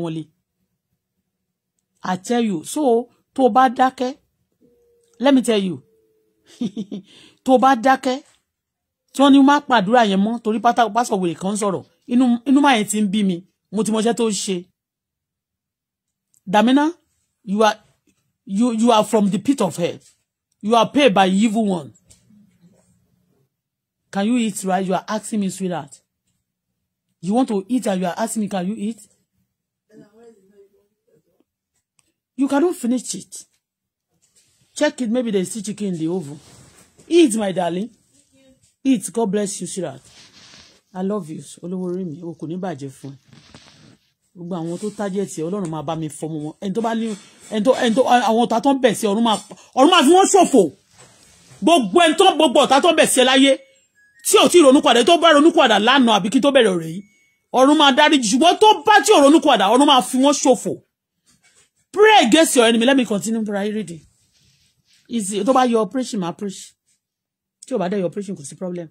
i tell you so to o bá dákẹ́ let me tell you To o bá dákẹ́ tí wọ́n ní má pàdúrà yẹn mọ́ torí pásọ̀ kan sọ̀rọ̀ inú inú máa yẹn ti ń mi mo ti mọṣẹ́ tó ń ṣe Damina you are you you are from the pit of hell you are paid by evil ones. Can you eat right? You are asking me, sweetheart. You want to eat and you are asking me, can you eat? You cannot finish it. Check it. Maybe there's still chicken in the oven. Eat, my darling. Eat. God bless you, sweetheart. I love you. Olówó orí o kò ní bàjẹ́ fún ẹ. Gbogbo àwọn tó tájẹ̀tì Ọlọ́run máa bá mi fọmọ wọn. En tó ba ní En tó en tó àwọn ọ̀tá tó be bẹ̀ sí ma máa ma máa fi wọ́n ṣòfò. Gbogbo ẹni tó gbogbo ọ̀tá tó ń bẹ̀ sí tí ò tí ronúpadà tó bá ronúpadà lánàá àbí kí tó bẹ̀rẹ̀ ọ̀rẹ́ yìí ọ̀run máa dáríjì ṣùgbọ́n tó bá tí ò ronúpadà ọ̀run máa fi wọ́n ṣòfò pray against your enemy let me continue prayer reading easy tó bá yọ operation máa preach tí ò bá dẹ̀ yọ operation kò sí problem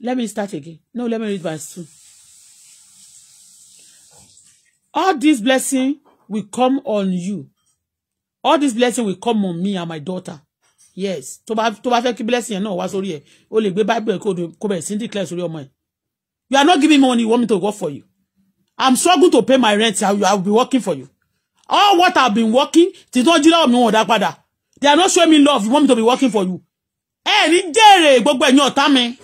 let me start again no let me read verse two all this blessing will come on you all this blessing will come on me and my daughter yes tó bá tó bá fẹ́ kí blessing yẹn náà wá sórí ẹ̀ o lè gbé bible kó bẹ̀rẹ̀ Cindy declare sórí ọmọ ẹ̀ you are not giving me money you want me to work for you i'm struggling to pay my rent i will, I will be working for you all what i've been working ti tó jíra mi wọn ò dá padà they are not showing me love you want me to be working for you ẹ ní jèrè gbogbo ẹ̀yin ọ̀tá mi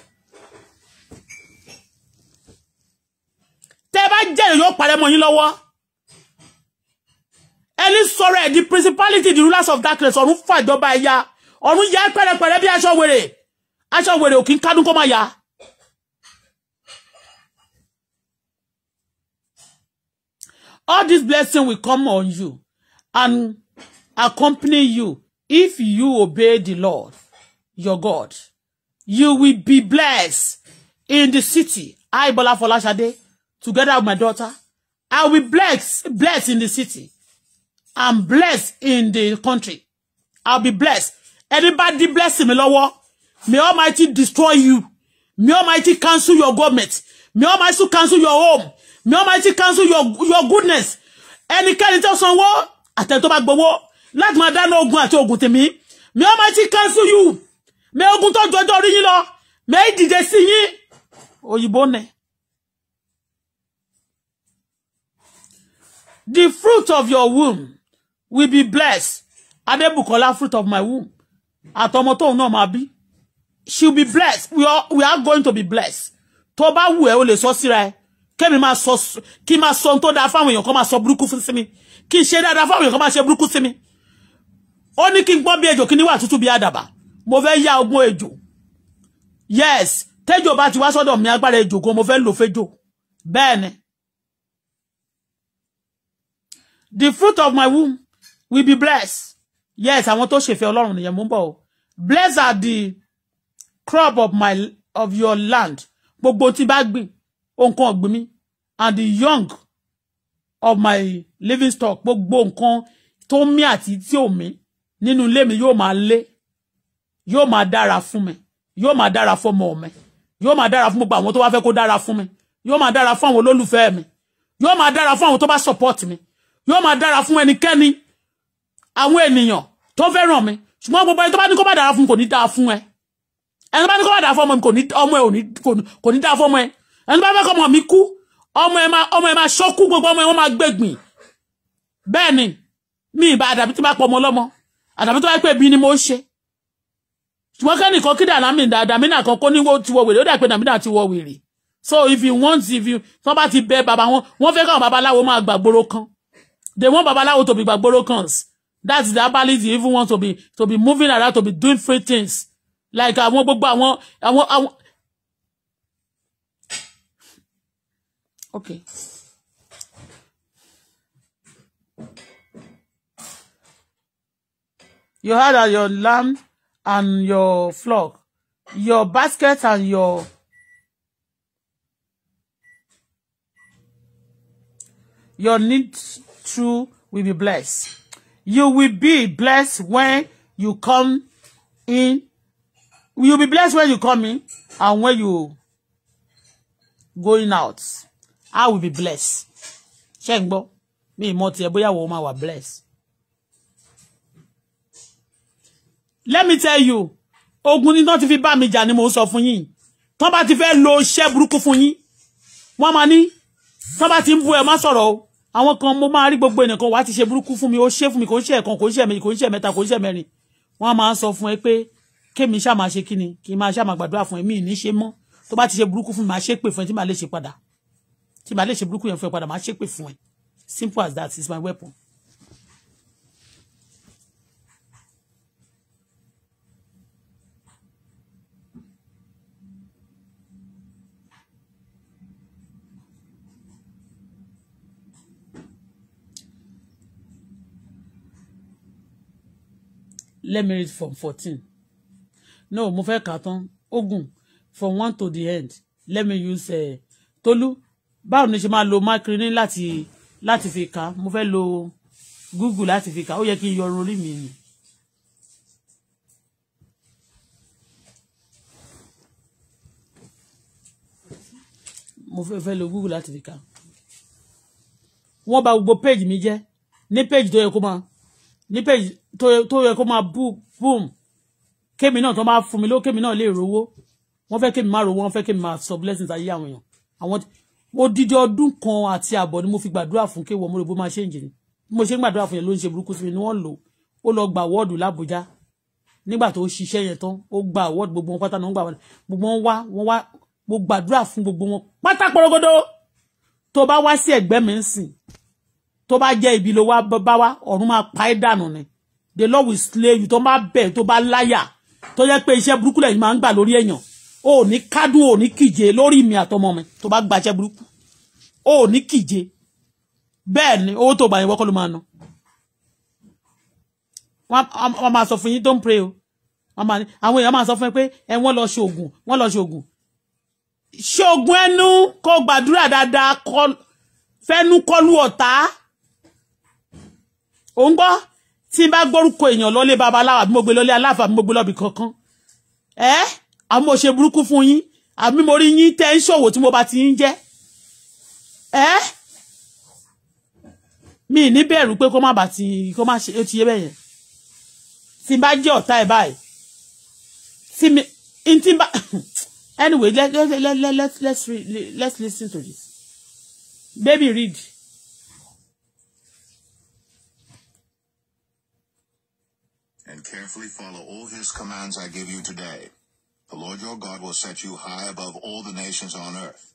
tẹ́ bá jèrè yóò parẹ́ mọ́ yín lọ́wọ́ ẹni sọ̀rọ̀ ẹ̀ di principality the rulers of darkness ọ̀run fàjọba ẹ̀yà ọ̀run yẹ pẹ̀rẹ̀pẹ̀rẹ̀ bí aṣọ wèrè aṣọ wèrè ò kí ń kádùn kó máa yá. All this blessing will come on you and accompany you if you obey the Lord your God. You will be blessed in the city. I, Bola Folashade, together with my daughter, I will bless, blessed in the city. I'm blessed in the country. I'll be blessed. Anybody bless dí Lord? may almighty destroy you may almighty cancel your government may almighty cancel your home may almighty cancel your your goodness Any kind ẹnikẹ́ni tó sanwó àtẹni tó bá Let my máa dáná ogun àti ogun tèmi may almighty cancel you may ogun tó jọjọ orí yín lọ may dìde sí yín òyìnbó nẹ. The fruit of your womb will be blessed. I never Adebukola, fruit of my womb. Atomo to no máa bí she will be blessed we are, we are going to be blessed tó bá wù ẹ́ o le sọ síra ẹ kémi máa sọ kí máa sọ tó dáa fáwọn èèyàn kan máa sọ burúkú fún sí mi kí ṣe dáadáa fáwọn èèyàn kan máa ṣe burúkú sí mi ó ní kí n gbọ́n bí ejò kí ni mo fẹ́ yá ọgbọ́n ejò yes tejo ba ti wá sọ́dọ̀ mi agbára ejò gan mo fẹ́ lò fẹ́jọ bẹ́ẹ̀ the fruit of my womb will be blessed yes àwọn tó ṣèfẹ́ Ọlọ́run nìyẹn mú bọ̀ o blessed are the crop of my of your land gbogbo tí bá gbìn nǹkan ọ̀gbìn mi and the young of my living stock gbogbo nǹkan tó mí àti tí ò mí nínú ilé mi yóò máa lé yóò máa dára fún mi yóò máa dára fún ọmọ mi yóò máa dára fún gbogbo àwọn tó bá fẹ́ kó dára fún mi yóò máa dára fún àwọn olólùfẹ́ mi yóò máa dára fún àwọn tó bá support mi yóò máa dára fún ẹnikẹ́ni àwọn ènìyàn tó fẹ́ràn mi ṣùgbọ́n gbogbo ẹni tó bá ní kó má dára fún kò ní dáa fún ẹ ẹni tó bá ní kó má dára fún ọmọ mi kò ní ọmọ ẹ kò ní dáa fún ọmọ ẹ ẹni tó bá fẹ́ kọ́ ọmọ mi kú ọmọ ẹ máa ọmọ ẹ máa ṣọ́kú gbogbo ọmọ ẹ wọ́n máa gbẹ̀gbìn bẹ́ẹ̀ ni mi ìbá àdàbí tó bá pọ̀ ọmọ ọlọ́mọ àdàbí tó bá pè bí ni mo ṣe ṣùgbọ́n kẹ́nìkan kí dàlámì dàmínà kan kó ní ti wọ wèrè ó dà pé dàmínà ti wọ wèrè so if you want if you tí wọ́n bá ti bẹ bàbá wọn wọ́n fẹ́ káwọn babaláwo máa gbàgbóró kan they want babaláwo to be gbàgbóró cans that's the herbalist you even want to be to be moving around to be doing free things like àwọn gbogbo àwọn I want. okay. You had and your lamb and your flock your basket and your your need true will be blessed You will be blessed when you come in. You'll be blessed when you come in and when you going out. I will be blessed. Ṣé me gbọ́, mi mọ̀ wa bóyá blessed. Let me tell you, ogun ni tán ti fi mi jà ni mo sọ fún yín. Tán bá ti fẹ́ lo iṣẹ́ burúkú fún yín. Wọ́n máa ní, tán bá ti ń bú ẹ má o àwọn kan mo máa rí gbogbo ẹnìkan wàá ti ṣe burúkú fún mi ó ṣe fún mi kò ń ṣe ẹ̀kan kò ń ṣe ẹ̀mẹ́jì kò ń ṣe ẹ̀mẹ́ta kò ń ṣe ẹ̀mẹ́rin wọ́n á máa sọ fún ẹ pé kémi ṣáà máa ṣe kí ni kí n máa ṣáà máa gbàdúrà fún ẹ mí ní ṣe mọ́ tó bá ti ṣe burúkú fún mi máa ṣe pè fún ẹ tí màá lè ṣe padà tí màá lè ṣe burúkú yẹn fún ẹ padà máa ṣe pè fún ẹ simple as that is my weapon let me read from fourteen no mo fẹ́ kà tán ogun from one to the end let me use uh, tolu báwo ni ṣe máa lo macrini láti láti fi kà mo fẹ́ lo google láti fi kà ó yẹ kí n yọrun orí mi ni. mo fẹ́ fẹ́ lo google láti fi kà wọ́n bà gbogbo page mi jẹ́ ní page tó yẹ kó máa ní page tó yẹ kó máa boom kémi náà tó máa fún mi ló kémi náà lè rówó wọ́n fẹ́ kémi máa rówó wọ́n fẹ́ kémi máa sọ blessings ayé àwọn èèyàn àwọn odidi ọdún kan àti àbọ̀ ni mo fi gbàdúrà fún kéwọ́ mo rò bó máa ṣe ń jìnnì bí mo ṣe ń gbàdúrà fún yẹn ló ń ṣe burúkú sí mi ni wọ́n lò ó lọ gba wọ́ọ̀dù l'Àbújá nígbà tó ṣiṣẹ́ yẹn tán ó gba award gbogbo wọn pátá náà gbà gbogbo wọn wá wọn wá mo gbàdúrà fún gbogbo wọn pátá porogodo tó bá wá sí ẹ̀gbẹ́ mi ń sìn tó bá jẹ́ ibi ló wá bá wá ọ̀run máa pa ẹ́ dànù ni the Lord will slay you tó bá bẹ̀ tó bá láyà tó jẹ́ pé iṣẹ́ burúkú lẹ́yìn máa ń gbà lórí èèyàn o ò ní kádùn o ò ní kìje lórí mi àtọmọ mi tó bá gba iṣẹ́ burúkú o ò ní kìje bẹ́ẹ̀ ni owó tó gbà yẹn wọ́kọ́ ló máa ná wọ́n máa sọ fún yín don't pray o àwọn èèyàn máa sọ fún yín pé ẹ wọ́n lọ ṣoògùn wọ́n lọ ṣoògùn ṣoògùn ẹnu kó gbàdúrà dáadáa fẹ́nu kọlu ọ̀tá Ongo, gbọ́ tí n bá gbórúkọ èèyàn lọ́lé babaláwo àbí mo gbé lọ́lé aláàfà àbí mo gbé lọ́bì kankan ẹ́ àbí mo ṣe burúkú fún yín àbí mo rí yín tẹ́ ń ṣòwò mo bá ti ń jẹ́ mi ní bẹ̀rù pé kó má bà ti kó má ṣe ó ti yé bẹ́yẹn tí n bá jẹ́ ọ̀tá ẹ̀ báyìí mi n tí n anyway let, let, let, let, let's, let's, let's listen to this baby read. and carefully follow all his commands I give you today. The Lord your God will set you high above all the nations on earth.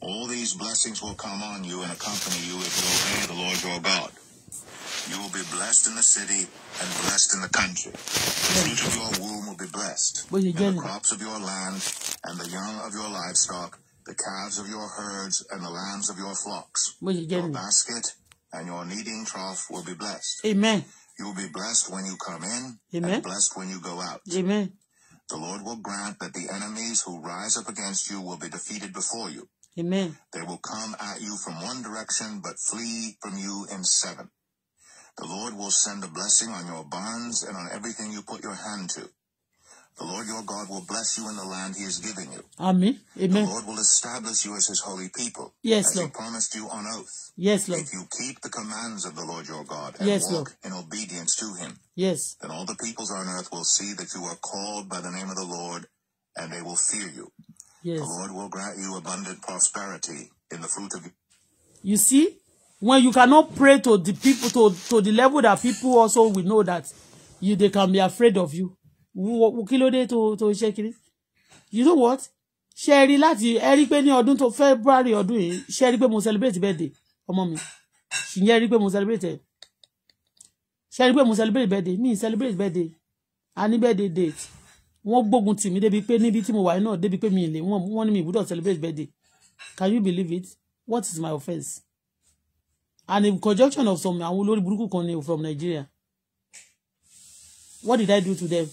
All these blessings will come on you and accompany you if you obey the Lord your God. You will be blessed in the city and blessed in the country. The fruit of your womb will be blessed. And the crops of your land and the young of your livestock, the calves of your herds and the lambs of your flocks. Your basket and your kneading trough will be blessed. Amen. You'll be blessed when you come in Amen. and blessed when you go out. Amen. The Lord will grant that the enemies who rise up against you will be defeated before you. Amen. They will come at you from one direction, but flee from you in seven. The Lord will send a blessing on your barns and on everything you put your hand to. The Lord your God will bless you in the land he is giving you. Amen. Amen. The Lord will establish you as his holy people. Yes, as Lord. he promised you on oath. Yes, Lord. If you keep the commands of the Lord your God and yes, walk Lord. in obedience to him. Yes. Then all the peoples on earth will see that you are called by the name of the Lord and they will fear you. Yes. The Lord will grant you abundant prosperity in the fruit of You see, when you cannot pray to the people to, to the level that people also will know that you they can be afraid of you. kí ló dé tó tó ṣe kiri you know what ṣe rí láti ẹ rí pé ní ọdún tó February ọdún yìí ṣe rí pé mo celebrate birthday ọmọ mi ṣìyẹn rí pé mo celebrate ẹ ṣe rí pé mo celebrate birthday mi celebrate birthday a birthday date wọ́n gbógun tì mí débi pé níbi tí mo wà náà débi pé mi ì lè wọ́n wọ́n ní mi ìbúdọ̀ celebrate birthday can you believe it what is my offence and in conjunction of some àwọn olórí burúkú kan ni from Nigeria what did I do to them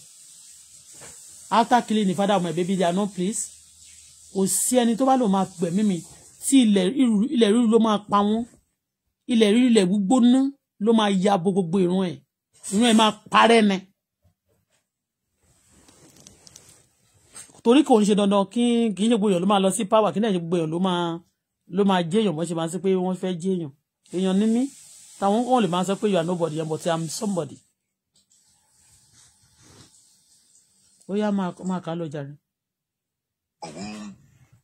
after killing the father of my baby they are not pleased kò sí ẹni tó bá lò máa gbẹ̀mí mi tí ilẹ̀ ríru ló máa pa wọ́n ilẹ̀ ríru ilẹ̀ gbígbóná ló máa ya bo gbogbo ìrun ẹ̀ ìrun ẹ̀ máa parẹ́ ni. torí kò ń ṣe dandan kí kì í ṣe gbogbo èèyàn ló máa lọ sí power kí náà ṣe gbogbo èèyàn ló máa ló máa jẹ́ èèyàn bó ṣe máa ń sọ pé wọ́n fẹ́ jẹ́ èèyàn èèyàn ní mí táwọn kan lè máa sọ pé you are nobody but I am somebody á A womb,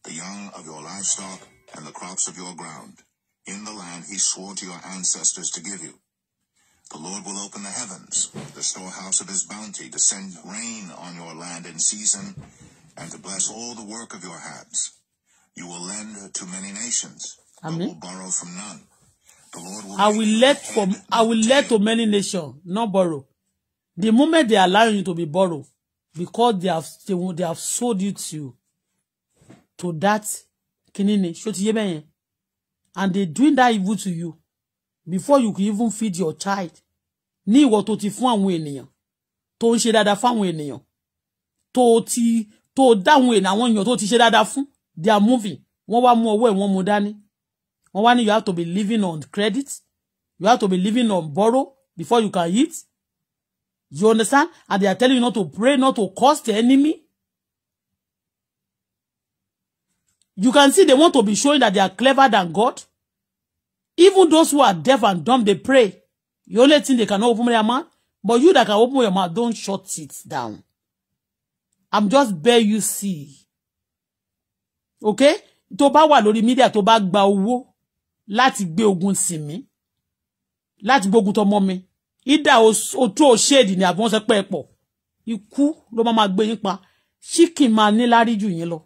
the young of your livestock, and the crops of your ground, in the land he swore to your ancestors to give you. The Lord will open the heavens, the storehouse of his bounty, to send rain on your land in season, and to bless all the work of your hands. You will lend to many nations, but will borrow from none. The Lord will I will let from I will lend to many nations, not borrow. The moment they allow you to be borrowed, because they have they, they have sold you to to that kinini ṣó ti yé and they doing that evil to you before you can even feed your child Ni ìwọ tó ti fún àwọn ènìyàn tó ń ṣe dáadáa fún àwọn to tó ti tó dáhùn ènìyàn àwọn èèyàn tó ti ṣe dáadáa fún they are moving wọ́n wá mú ọwọ́ ẹ̀ wọ́n mú dání wọ́n wá ní you have to be living on credit you have to be living on borrow before you can eat You understand? And they are telling you not to pray, not to curse the enemy. You can see they want to be showing that they are clever than God. Even those who are deaf and dumb, they pray. The only thing they cannot open their mouth. But you that can open your mouth, don't shut it down. I'm just bare you see. Okay? to ba wà lórí media, to bá gba uwo, lati gbé ogun simi, lati Láti gbógun tọmọ mi ìdá òtú òṣèdì ni àbí wọ́n sọ pé ẹ pọ̀ ikú ló máa pa ṣíkìn máa ní lárí jù yín lọ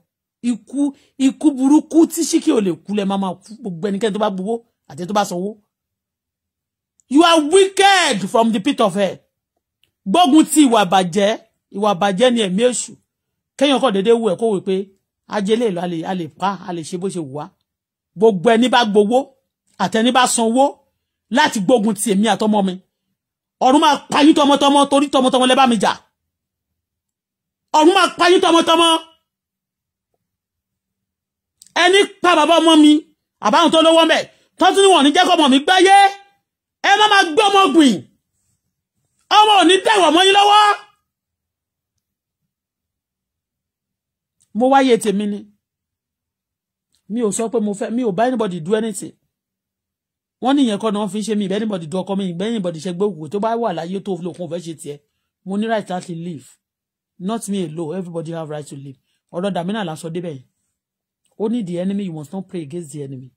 ikú ikú burúkú tí ṣíkìn ò lè kú lẹ máa máa kú gbogbo ẹnikẹ́ni tó bá gbowó àti tó bá sanwó. you are wicked from the pit of hell gbógun ti ìwà bàjẹ́ ìwà bàjẹ́ ni ẹ̀mí èṣù kéèyàn kàn déédéé wù ẹ̀ kó wò pé ajé lè lọ a lè pa a lè ṣe bó ṣe wù wá gbogbo ẹni bá gbowó àtẹni bá sanwó láti ti èmi àtọmọ mi ọ̀run máa pa yín tọmọtọmọ torí tọmọtọmọ lẹ bá mi jà ọ̀run máa pa yín tọmọtọmọ ẹni pa bàbá ọmọ mi àbáhùn tó lówó mẹ́ tọ́tún wọn ní jẹ́kọ̀ ọmọ mi gbáyé ẹ má máa gbé ọmọ gbìn ọmọ ò ní dẹ̀wọ̀ mọ́ yín lọ́wọ́ mo wáyé tèmi ni mi ò sọ pé mo fẹ́ mi ò bá anybody do anything wọ́n ní ìyẹn kọ́ ni wọ́n fi ń ṣe mí ìbẹ́ni bọ̀dì dún ọkọ mi ìgbẹ́yìn bọ̀dì ṣẹgbẹ́ òkùnkùn tó bá wà láyé tó lòkun fẹ́ ṣe tiẹ̀ mo ní right láti live not me alone everybody have right to live ọ̀rọ̀ dàmínà lásọ débẹ̀ yìí ó ní the enemy you must not pray against the enemy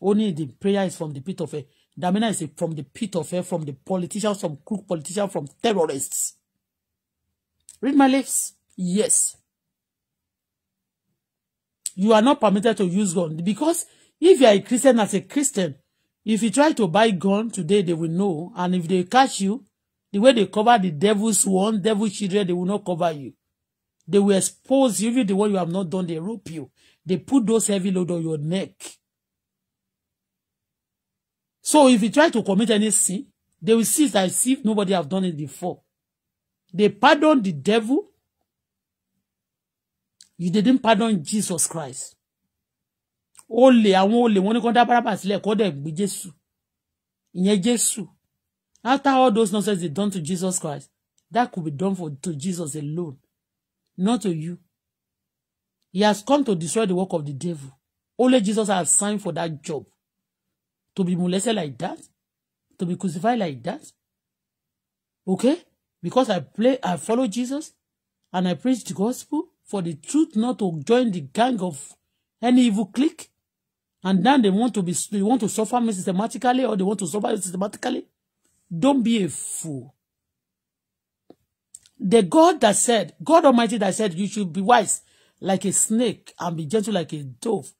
ó ní the prayer is from the pit of hell damina is from the pit of hell from the politicians from crook politicians from terrorists read my lips yes you are not permitted to use gun because if you are a Christian as a Christian If you try to buy gun today, they will know. And if they catch you, the way they cover the devil's one, devil children, they will not cover you. They will expose you. Even the one you have not done, they rope you. They put those heavy load on your neck. So if you try to commit any sin, they will see that as if nobody have done it before. They pardon the devil. You didn't pardon Jesus Christ olè àwọn olè wọn ní kó dá Bárábà sílẹ̀ kó dẹ̀ gbé Jésù ìyẹn Jésù after all those nonsense they done to Jesus Christ that could be done for to Jesus alone not to you he has come to destroy the work of the devil only Jesus has signed for that job to be molested like that to be crucified like that okay because I play I follow Jesus and I preach the gospel for the truth not to join the gang of any evil clique and then they want to be they want to suffer me systematically or they want to suffer you systematically don't be a fool the God that said God Almighty that said you should be wise like a snake and be gentle like a dove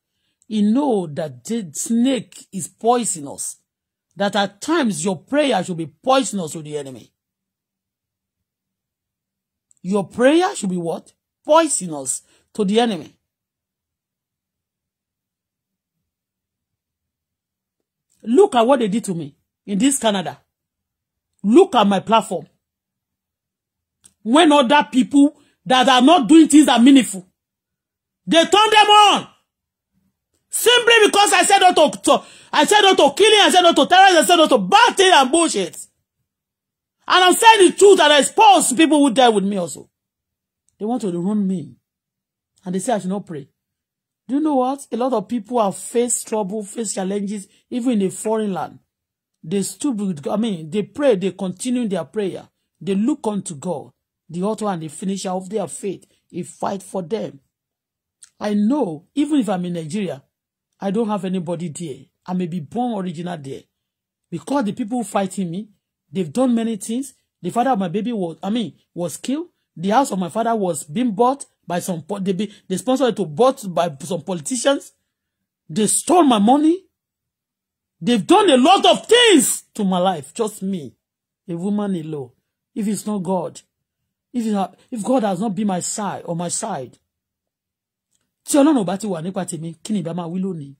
he know that the snake is poisonous that at times your prayer should be poisonous to the enemy your prayer should be what poisonous to the enemy Look at what they did to me in this Canada. Look at my platform. When other people that are not doing things that are meaningful, they turn them on. Simply because I said not to, to I said not to killing, I said not to terrorism, I said not to bad things and bullshit. And I'm saying the truth and I expose people who die with me also. They want to ruin me. And they say I should not pray. Do you know what? A lot of people have faced trouble, faced challenges, even in a foreign land. They stood I mean, they pray, they continue their prayer. They look unto God, the author and the finisher of their faith. He fight for them. I know, even if I'm in Nigeria, I don't have anybody there. I may be born original there. Because the people fighting me, they've done many things. The father of my baby was, I mean, was killed. The house of my father was being bought by some they be, they sponsored to bought by some politicians. They stole my money. They've done a lot of things to my life. Just me, a woman in law. If it's not God, if it, if God has not been my side or my side, tí Ọlọ́run bá ti wà nípa tèmi, kí ni ìbá máa wí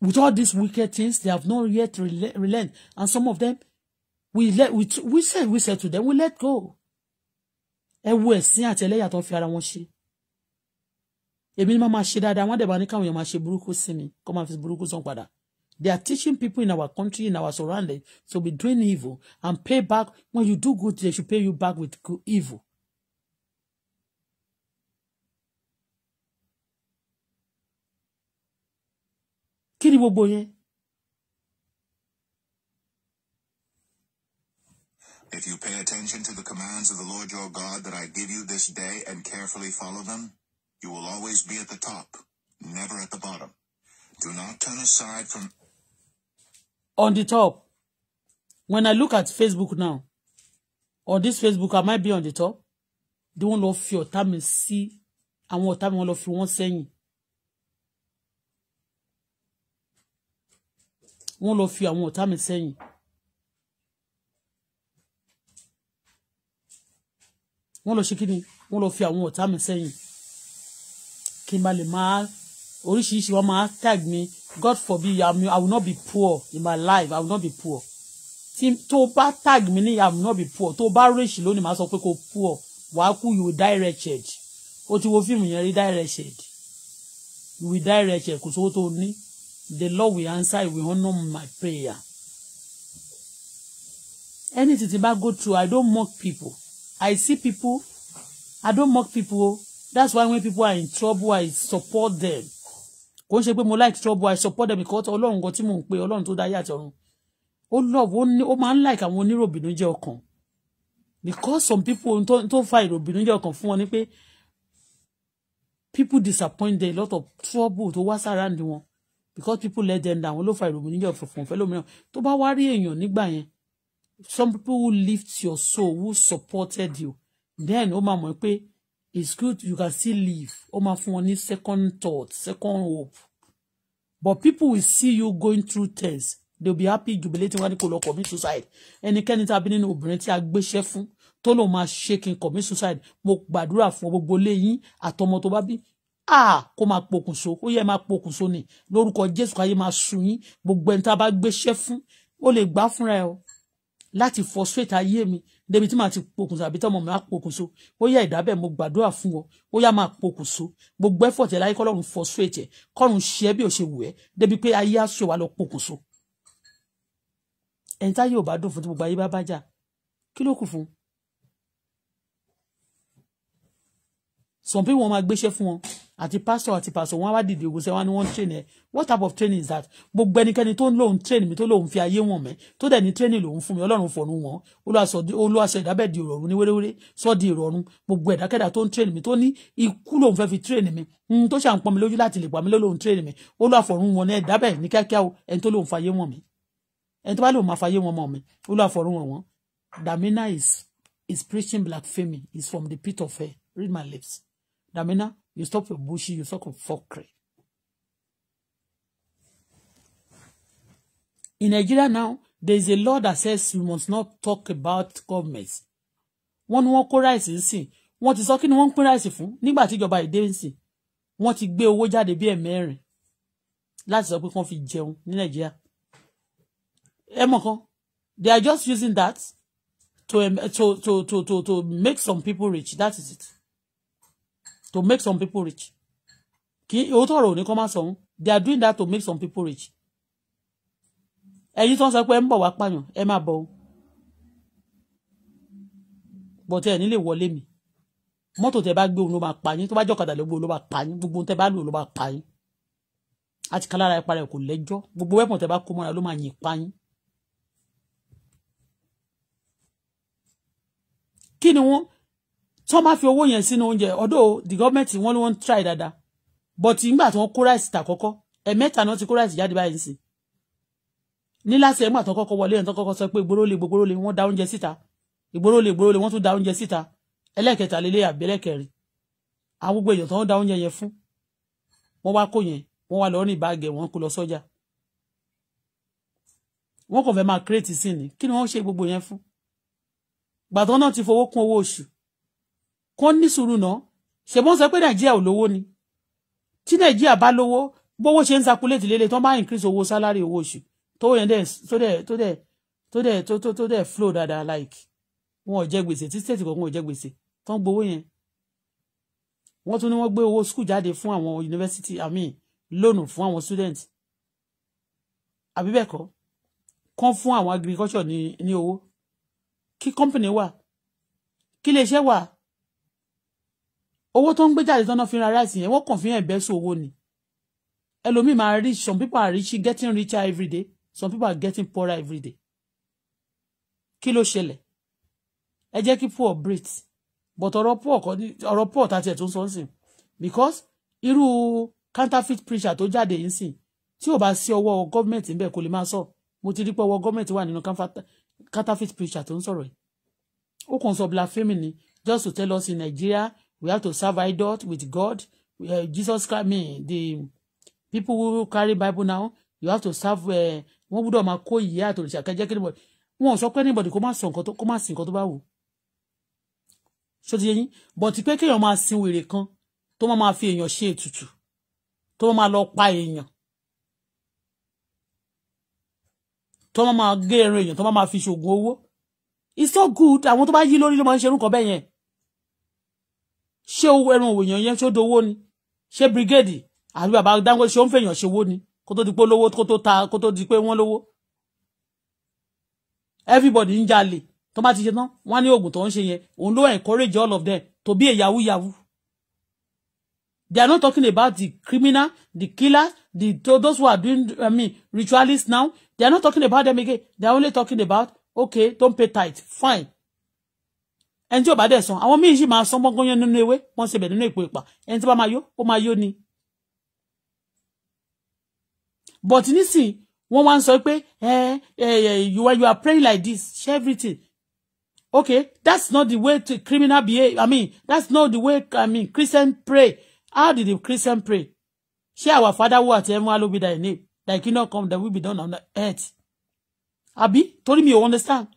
With all these wicked things, they have not yet relent, and some of them we let we we said we said to them, we let go ẹ wo ẹ̀sìn àti ẹlẹ́yà tó fi ara wọn ṣe èmi ni máa ṣe dáadáa wọ́n dẹ̀ bá ní káwọn èèyàn máa ṣe burúkú sí mi kó máa fi burúkú san padà they are teaching people in our country in our surrounding to be doing evil and pay back when you do good they should pay you back with evil. kí ni gbogbo yẹn If you pay attention to the commands of the Lord your God that I give you this day and carefully follow them, you will always be at the top, never at the bottom. Do not turn aside from... On the top. When I look at Facebook now, on this Facebook, I might be on the top. They won't love lọ fi ọ̀tá mi sí àwọn ọ̀tá mi Won't fi wọ́n sẹ́yìn. Wọ́n lọ fi àwọn ọ̀tá mi sẹ́yìn. wọ́n lọ ṣe kí ni wọ́n lọ fi àwọn ọ̀tá mi sẹ́yìn kí n bá lè máa oríṣiríṣi wọ́n máa tag me. God forbid I will not be poor in my life I will not be poor tí tó bá tag me. ní I will not be poor tó bá rèṣì lónìí máa sọ pé kò poor wàá kú you will die wretched ó ti wo fíìmù yẹn rí die wretched you will die wretched kò sówó tó o ní the Lord will answer he will honour my prayer anything ti bá go through I don't mock people I see people. I don't mock people. That's why when people are in trouble, I support them. Kò ń ṣe pé mo like trouble, I support them because Ọlọ́run kan tí mò ń pe Ọlọ́run tó dáyé àti ọ̀run. Ó love ó máa ń like àwọn oníròbìnújẹ́ ọkàn. Because some people ohun tó fa ìròbìnújẹ́ ọkàn fún wọn ni pé people disappoint them a lot of trouble tó wá sára ní wọn because people let them down ló fa ìròbìnújẹ́ ọkàn fún ọ̀fẹ́ lómìíràn tó bá wá rí èèyàn nígbà yẹn some people who lift your soul who supported you then ó máa mọ̀ pé it's good you can still live ó máa fún wọn ní second thought second hope but people will see you going through things they will be happy jubilating wọn ní kò lọ commit suicide ẹnikẹ́ni tàbí nínú obìnrin tí a gbéṣẹ́ fún tó lòun máa ṣe kí n commit suicide mo gbàdúrà fún gbogbo lẹ́yìn àtọmọ tó bá bí ah kó máa pokùnso ó yẹ máa pokùnso ni lórúkọ Jésù káyé máa sun yín gbogbo ẹni tá a bá gbéṣẹ́ fún ó lè gbá fúnra ẹ o láti frustrate ayé mi débi tí màá ti pokùnso àbí tọmọ mi á pokùnso ó yá ìdábẹ mo gbàdúrà fún ọ ó yá máa pokùnso gbogbo effort ẹ láyé kọ́lọ́run frustrate ẹ kọ́run ṣe ẹ bí ò ṣe wù ẹ débi pé ayé á ṣe lọ pokùnso ẹni táyé ò bá dùn fún tí gbogbo ayé bá bá kí ló kù fún some wọn máa gbéṣẹ́ fún wọn àti pastor àti pastor wọn wá dìde ogun sẹ wọn ni wọn train ẹ what type of training is that gbogbo ẹnikẹ́ni tó ń lòun train mi tó lòun fi ayé wọn mẹ tó dẹ̀ ní training lòun fún mi ọlọ́run fọ̀run wọn olùwàsọ ìdábẹ́ di ìrọ̀rùn ní wéréwéré sọ di ìrọ̀rùn gbogbo ẹ̀dákẹ́dà tó ń train mi tó ní ikú lòun fẹ́ fi train mi tó ṣàǹpọ̀ mi lójú láti lè pa mi lọ́lọ́run train mi olùwàfọ̀run wọn ní ẹ̀dábẹ́ ní kíákíá ẹni tó lòun fayé wọn mi ẹni tó bá lòun máa fayé wọn mọ́ mi olùwàfọ̀run wọn wọn Damina is is preaching black fame is from the pit of hell read my lips Damina, you stop your bushy, you fucking fuckery. In Nigeria now, there is a law that says we must not talk about governments. One ní wọ́n kó ráìsì ń sìn. Wọ́n ti sọ kí ni wọ́n ń pín ráìsì fún nígbà tí ìjọba èdè ń sìn. Wọ́n ti gbé owó jáde bí ẹ̀mẹ́rin láti they are just using that to, to, to, to, to make some people rich, that is it to make some people rich kì í òótọ́ ọ̀rọ̀ ò kọ́ máa sọ they are doing that to make some people rich ẹ̀yin tó ń sọ pé ẹ ń bọ̀ wá pààyàn ẹ má bọ̀ ọ́n bọ̀tẹ́ ẹ̀ nílé wọlé mi mọ́tò tẹ bá gbé òun ló máa pa yín tó bá jọ̀kadà ló gbé òun ló máa pa yín gbogbo tẹ bá lò ló máa pa yín àti kan lára ẹ̀ kò lẹ́jọ́ gbogbo wẹ́pọ̀n tẹ bá kó mọ́ra ló máa yìn pa yín. kí ni wọ́n tó máa fi owó yẹn sínú oúnjẹ although the government wọ́n ló ń try dada, but nígbà tí wọ́n kó ráìsì tà kọ́kọ́ ẹ̀mẹ́ta náà ti kó ráìsì jáde báyìí sí ní láti ẹ̀gbọ́n àtọ́ kọ́kọ́ wọlé ẹ̀ńtọ́ kọ́kọ́ sọ pé ìgboro lè gbogbo lè wọ́n da oúnjẹ síta ìgboro lè gbogbo lè wọ́n tún da oúnjẹ síta ẹlẹ́ẹ̀kẹta lélẹ́ àbí ẹlẹ́ẹ̀kẹrin àwọn gbogbo èèyàn tó ń da oúnjẹ yẹn fún wọ́n wá kó yẹn wọ́n wá lọ ní ìbáàgẹ̀ wọ́n kó lọ sọ́jà wọ́n kàn fẹ́ máa kírètì sí ni kí ni wọ́n ṣe gbogbo yẹn fún gbàtọ́ náà ti fowó kún owó oṣù kán ní sùúrù náà ṣèbọn sọ pé nàìjíríà ò lówó ni tí nàìjíríà bá lówó bówó ṣe ń sakuléètì lélẹ̀ tó máa increase owó sálárì owó oṣù tó yẹn dẹ̀ tó dẹ̀ tó dẹ̀ tó dẹ̀ tó tó tó dẹ̀ flow dáadáa like wọn ò jẹ gbèsè tí state kọ̀ọ̀kan ò jẹ gbèsè tó ń gbowó yẹn wọ́n tún ní wọ́n gbé owó school jáde fún àwọn university i mean loan fún àwọn student àbí bẹ́ẹ̀ kọ́ kán fún àwọn agriculture ní ní owó kí company wà kí iléeṣẹ́ wà owó tó ń gbé jáde tán náà fi ra ráìsì yẹn wọ́n kàn fi hàn ẹ̀bẹ́ sí owó ni ẹlòmíì máa rich some people are rich getting richer every day some people are getting poorer every day kí ló ṣẹlẹ̀ ẹ jẹ́ kí poor breathe but ọ̀rọ̀ poor kọ́ ní ọ̀rọ̀ poor tàti ẹ̀ tó ń sọ sí because irú counterfeit preacher tó jáde yìí sìn tí ò bá sí ọwọ́ gọ́ọ̀mẹ̀ntì ń bẹ̀ kò lè máa sọ mo ti rí pé ọwọ́ gọ́ọ̀mẹ̀ntì wà nínú counterfeit preacher tó ń sọ̀rọ̀ yìí ó kàn sọ blasphemy ni just to tell us in Nigeria We have to serve idols with God. Uh, Jesus Christ, I mean, the people who carry Bible now, you have to serve. Uh, gbúdọ̀ máa kó ìyá àtòrìṣà kẹjẹ́ kí anybody wọn ò sọ pé anybody kó má sọ nǹkan tó kó má sin nǹkan tó bá wù. ṣó ti yé yín bọ̀tí pé kéèyàn máa sin wèrè kan tó máa fi èèyàn ṣe ètùtù tó máa lọ pa èèyàn tó máa gé ẹran èèyàn tó máa fi ṣoògùn owó it's so good àwọn tó bá yí lórí ló máa ń ṣerú kan bẹ́ẹ̀ yẹn ṣé owó ẹran òwòyàn yẹn ṣó dowó ni ṣé bírígèdì àbí bàbá Dangote ṣé ó ń fèèyàn ṣe owó ni kó tó di pé lówó kó tó ta kó tó di pé wọ́n lówó everybody ń jalè tó bá ti ṣe tán wọ́n ní oògùn tó ń ṣe yẹn òun ló encourage all of them to be a yahoo they are not talking about the criminal the killer the those who are doing I mean ritualists now they are not talking about them again they are only talking about okay don't pay tithe fine ẹni tí ò bá dẹ̀ san àwọn míì sì máa san gbọ́ngàn yẹn nínú ewé wọ́n ṣe bẹ̀ nínú èpo ìpà ẹni tí bá máa yó ó máa yó ni. but nísìn wọ́n wá ń sọ pé eh, eh, eh, you are you are praying like this share everything okay that's not the way to criminal be. i mean that's not the way i mean christian pray how did the christian pray share our father who art in heaven be thy name thy kingdom come That will be done on the earth abi torí me you understand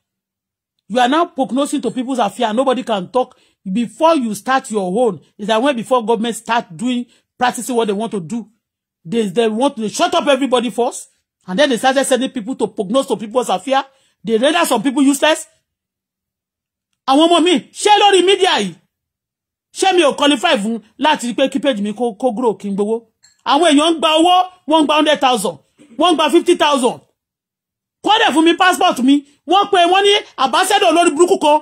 you are now prognosing to people's affair. Nobody can talk before you start your own. Is that when before government start doing practicing what they want to do, they they want to shut up everybody first, and then they started sending people to prognose to people's affair. They render some people useless. And one more me share mídíà yìí Share me ò qualify fún láti pé kí page mi kó grow kí n gbowó. Àwọn èèyàn ń gba owó wọ́n gba hundred thousand wọ́n ń gba fifty thousand kọ́ dẹ̀ fún mi passport mi wọ́n pe wọ́n ní àbáṣẹ́dọ̀ olórí burúkú kan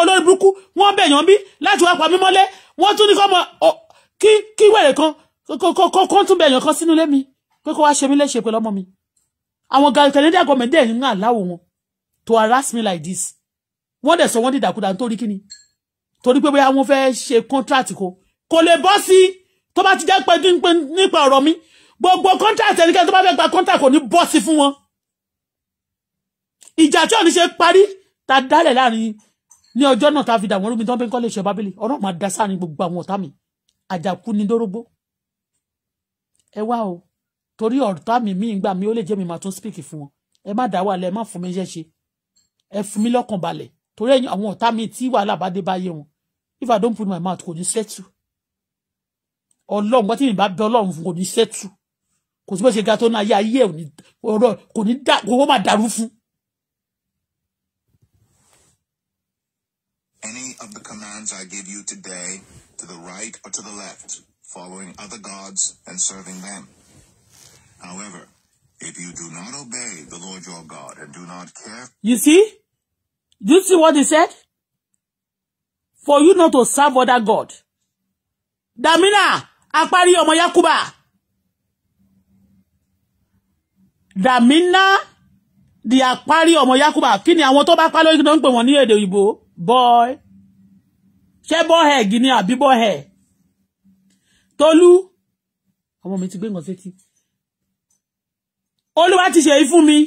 olórí burúkú wọ́n bẹ̀yàn bí láti wá pa mí mọ́lẹ̀ wọ́n tún ní kọ́ mọ kí kí wẹ̀rẹ̀ kan kó tún bẹ̀yàn kan sínú ilé mi pé kó wá ṣe mí léṣe pẹ̀lú ọmọ mi àwọn Canadian government dẹ̀ ń àláwò wọn to harass me like this wọ́n dẹ̀ sọ wọ́n dìdàkudà nítorí kíni torí pé bóyá wọ́n fẹ́ ṣe contract ko kò lè bọ́ sí tó bá ti jẹ́ pé nípa ọ̀rọ̀ mi gbogbo contract ẹnikẹ́ni tó bá fẹ́ gba contract kò ní bọ́ sí fún wọn ìjà tí òní ṣe parí ta dálẹ̀ láàrin ní ọjọ́ náà ta fi dà wọ́n rúmi tán pé kọ́ lè ṣe bábélì ọ̀rọ̀ máa da sáà ní gbogbo àwọn ọ̀tá mi àjàkú ni dórógbó ẹ wá o torí ọ̀tá mi mí gbà mí ó lè jẹ́ mi máa tún speak fún wọn ẹ má dá wàhálà ẹ má fún mi iṣẹ́ ṣe ẹ fún mi lọ́kàn balẹ̀ torí ẹ̀yin àwọn ọ̀tá mi tí wàhálà bá dé bá yé wọn if i don't put my mouth kò ní sẹ́tù ọlọ́run gbọ́tí mi bá bẹ ọlọ́run fún kò ní sẹ́tù kò sí bó ṣe ga tó náà ayé ayé ẹ̀ kò ní dá kò wọ́n máa dàrú fún any of the commands I give you today to the right or to the left, following other gods and serving them. However, if you do not obey the Lord your God and do not care. You see? Do you see what he said? For you not to serve other God. Damina, apari ọmọ Yakuba. Damina, the apari ọmọ Yakuba. Kini ni àwọn tó bá pa lórí kí boy ṣé boyhead ni àbí boyhead tolú àwọn mi ti gbé nǹkan sétí olúwa ti ṣèyí fún mi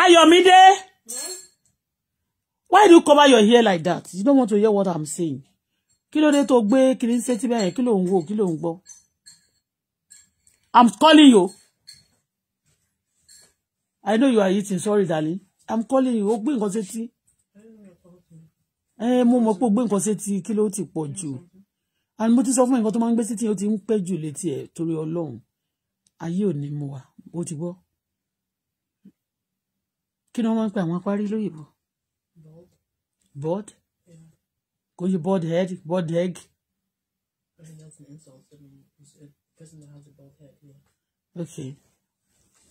ayọ̀mídé why do you cover your hair like that you don't want to hear what i'm saying kí ló dé tó gbé kiri ń sétí bẹ́ẹ̀ kí ló ń wò kí ló ń gbọ́ i'm calling you i know you are eating sorry darling i'm calling you ó gbé nǹkan sétí ẹ mo mọ̀ pé o gbé nǹkan sétí kí ló ti pọ̀ jù and mo ti sọ fún nǹkan tó máa ń gbé sétí o ti ń pẹ́ jù létí ẹ̀ torí ọlọ́run ayé ò ní mu wa o ti gbọ́ kí ni wọ́n máa ń pe àwọn apárí lóyìnbó board kò yí board head board egg. okay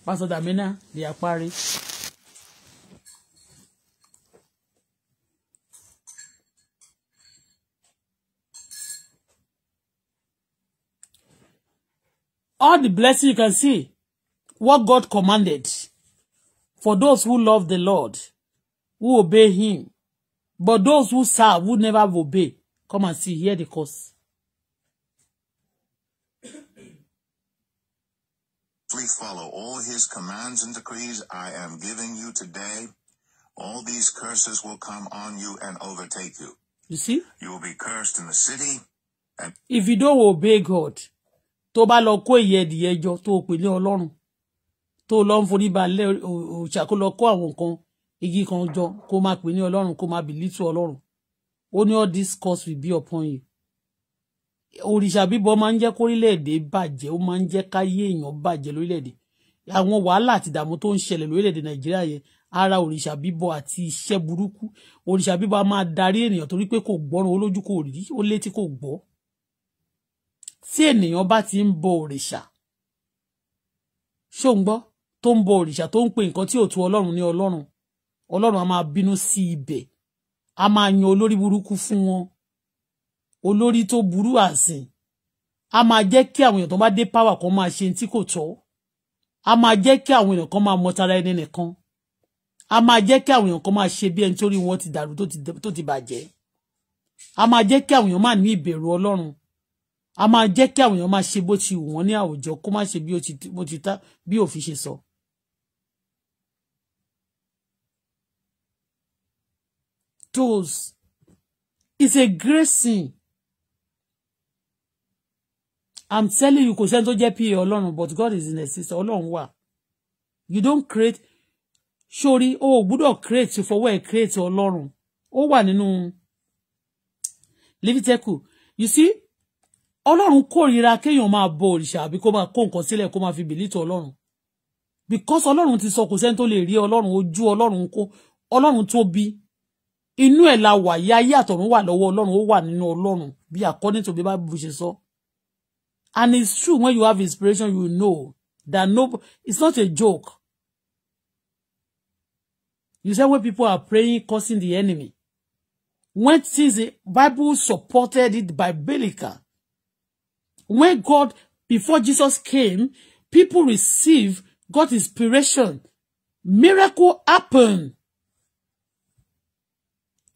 pastor damina di apárí. All the blessing you can see, what God commanded for those who love the Lord, who obey him. But those who serve, who never obey, come and see, hear the curse. Please follow all his commands and decrees I am giving you today. All these curses will come on you and overtake you. You see? You will be cursed in the city. And if you don't obey God, tó bá lọ kó ìyẹ́ ẹdìyẹ jọ tó pè lé ọlọ́run tó lọ ń forí balẹ̀ òòṣà kó àwọn nǹkan igi kan jọ kó máa pè ní ọlọ́run kó máa bìlítù ọlọ́run ó ní all this curse will be upon you òrìṣà bíbọ máa ń jẹ́ kórílẹ̀-èdè bàjẹ́ ó máa ń jẹ́ káyé èèyàn bàjẹ́ lórílẹ̀ àwọn wàhálà àti ìdààmú tó ń ṣẹlẹ̀ lórílẹ̀ nàìjíríà yẹn ara òrìṣà bíbọ àti iṣẹ́ burúkú òrìṣà bíbọ a máa darí ènìyàn torí pé kò gbọ́ràn olójú kò rí ó létí kò gbọ́ tí ènìyàn bá ti ń bọ òrìṣà ṣó ń gbọ́ tó ń bọ òrìṣà tó ń pe nǹkan tí ò tu ọlọ́run ní ọlọ́run ọlọ́run a máa bínú sí ibẹ̀ a máa yan olórí burúkú fún wọn olórí tó burú àsìn a máa jẹ́ kí àwọn èèyàn tó bá dé power kan máa ṣe tí kò tọ́ a máa jẹ́ kí àwọn èèyàn kan máa mọtara ẹni nìkan a máa jẹ́ kí àwọn èèyàn kan máa ṣe bí ẹni torí wọn ti dàrú tó ti bàjẹ́ a máa jẹ́ kí àwọn èèyàn máa ní ìbẹ̀rù ọlọ́run a máa jẹ́ kí àwọn èèyàn máa ṣe bó ti wù wọ́n ní àwùjọ kó má ṣe bí ó ti tá bí òfin ṣe sọ. Tolls is a great sin I'm telling you kò sẹ́ni tó jẹ́ pa ọlọ́run but God is in sister ọlọ́run wà you don't create sórí o ò gbúdọ̀ create fọwọ́ ẹ̀ create ọlọ́run ó wà nínú Leviticus you see ọlọ́run kórìíra kéèyàn máa bọ òrìṣà àbí kó máa kó nǹkan sílẹ̀ kó máa fi bìlítì ọlọ́run because ọlọ́run ti sọ kò sẹ́ni tó lè rí ọlọ́run ojú ọlọ́run kó ọlọ́run tóbi inú ẹ̀ la wà yá ayé àtọ̀run wà lọ́wọ́ ọlọ́run ó wà nínú ọlọ́run bí according to bí Bible ṣe sọ and it's true when you have inspiration you know that no it's not a joke you say when people are praying cursing the enemy when things Bible supported it by biblical when God, before Jesus came, people receive God's inspiration. Miracle happen.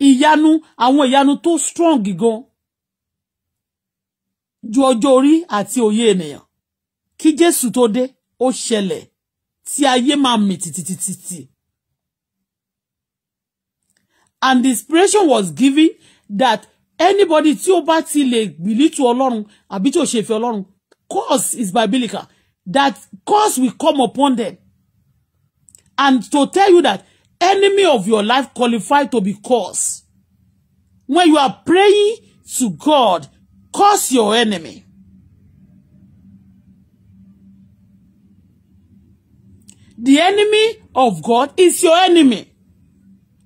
Iyanu, àwọn Iyanu tó strong gan. Ju ọjọ́ orí àti òye ènìyàn. de Jésù tó dé, ó ṣẹlẹ̀. ti ti ti ti. tìtìtìtì. And the inspiration was given that anybody tí ó bá ti lè bìlítù ọlọ́run àbí tí ò ṣe ìfẹ́ ọlọ́run curse is biblical that curse will come upon them and to tell you that enemy of your life qualify to be cursed when you are praying to God curse your enemy the enemy of God is your enemy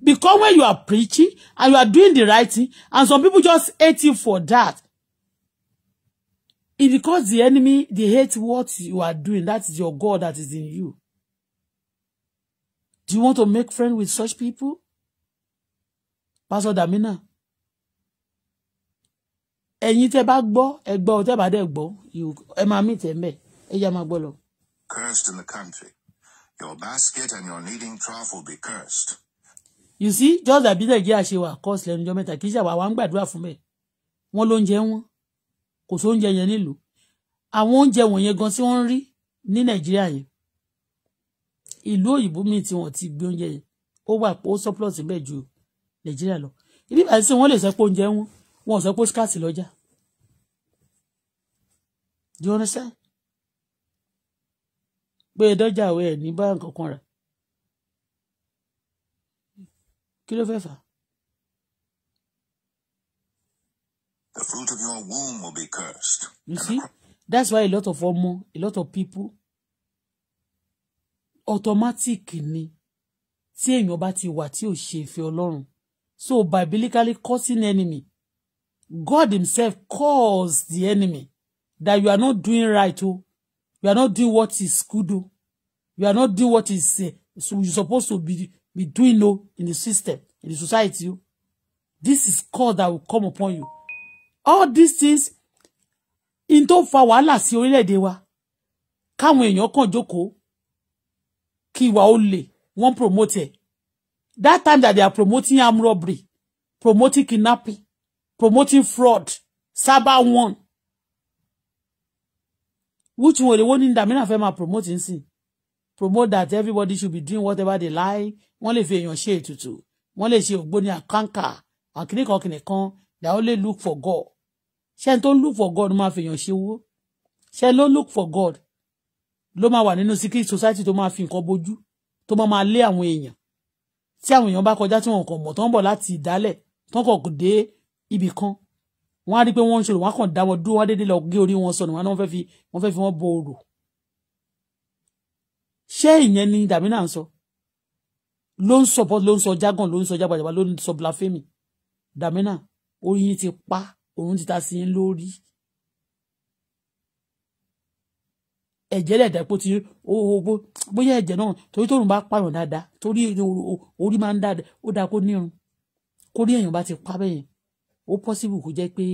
Because when you are preaching and you are doing the right thing, and some people just hate you for that, it's because the enemy, they hate what you are doing. That is your God that is in you. Do you want to make friends with such people? Pastor Damina. Ẹ̀yin tẹ́ bá gbọ́, ẹ gbọ́, tẹ́ you dẹ̀ gbọ́, ẹ máa mí tẹ́ Cursed in the country. Your basket and your kneading trough will be cursed you see just like bílẹ̀ jẹ́ àṣewà course lẹ́nu ọjọ́ mẹ́ta kì í ṣàwà wa ń gbàdúrà fún bẹ́ẹ̀ wọ́n ló ń jẹ wọn kò sí oúnjẹ yẹn nílùú àwọn oúnjẹ wọ̀nyẹn gan tí wọ́n ń rí ní nàìjíríà yẹn ìlú òyìnbó míì tí wọ́n ti gbé oúnjẹ yẹn ó wà ó surplus bẹ́ẹ̀ ju nàìjíríà lọ ibi ìbàdí sí wọ́n lè sọ oúnjẹ wọn wọn ò sọ pé scarce do you understand pé dọ́jà ẹ̀ ní bá nǹkan kan rà kí ló fẹ́ fà The fruit of your womb will be cursed. You see, that's why a lot of ọmọ, a lot of people, automatic ni tí èèyàn bá ti wà tí ò ṣe ìfẹ́ Ọlọ́run. So biblically cursing enemy, God himself calls the enemy that you are not doing right o, you are not doing what is good o, you are not doing what is uh, so you supposed to be be doing low in the system, in the society. This is call that will come upon you. All these things in tó fa wàhálà sí orílẹ̀-èdè wa káwọn èèyàn kàn jókòó kí ìwà ó lè wọ́n promote ẹ̀ that time that they are promoting armed robbery promoting kidnapping promoting fraud cyber one which one dey wọ́n ní dàmínà fẹ́ máa promote nsìn promote that everybody should be doing whatever they like wọ́n lè fi èèyàn ṣe ètùtù wọ́n lè ṣe ògbóni àkànkà àkìníkankìnì kan that only look for God ṣé tó ń look for God máa fi èèyàn ṣe owó ṣé ló look for God ló máa wà nínú secret society tó máa fi nǹkan bojú tó máa máa lé àwọn èèyàn tí àwọn èèyàn bá kọjá tí wọn kàn mọ̀ tó ń bọ̀ láti ìdálẹ̀ tó ń kàn dé ibì kan wọn á rí i pé wọn ń ṣòro wọn á kàn dá wọn dúró wọn á dédé lọ gé orí wọn sọnù wọn á fẹ́ fi wọn fẹ́ fi wọn bo orò ṣé ìyẹn ni dàmínà ń sọ ló ń sọ ló ń sọ jágàn ló ń sọ jágbàjàgbà ló ń sọ blasphemy dàmínà oyin ti pa òun ti ta sí i lórí ẹ̀jẹ̀ lẹ̀dá pé ti owó bóyá ẹ̀jẹ̀ náà torí tóun bá pààyàn dáadáa torí orí máa ń dáadáa ó dáa kó nírun kó rí èèyàn bá ti pa bẹ́yẹn ó pọ́sibù kó jẹ́ pé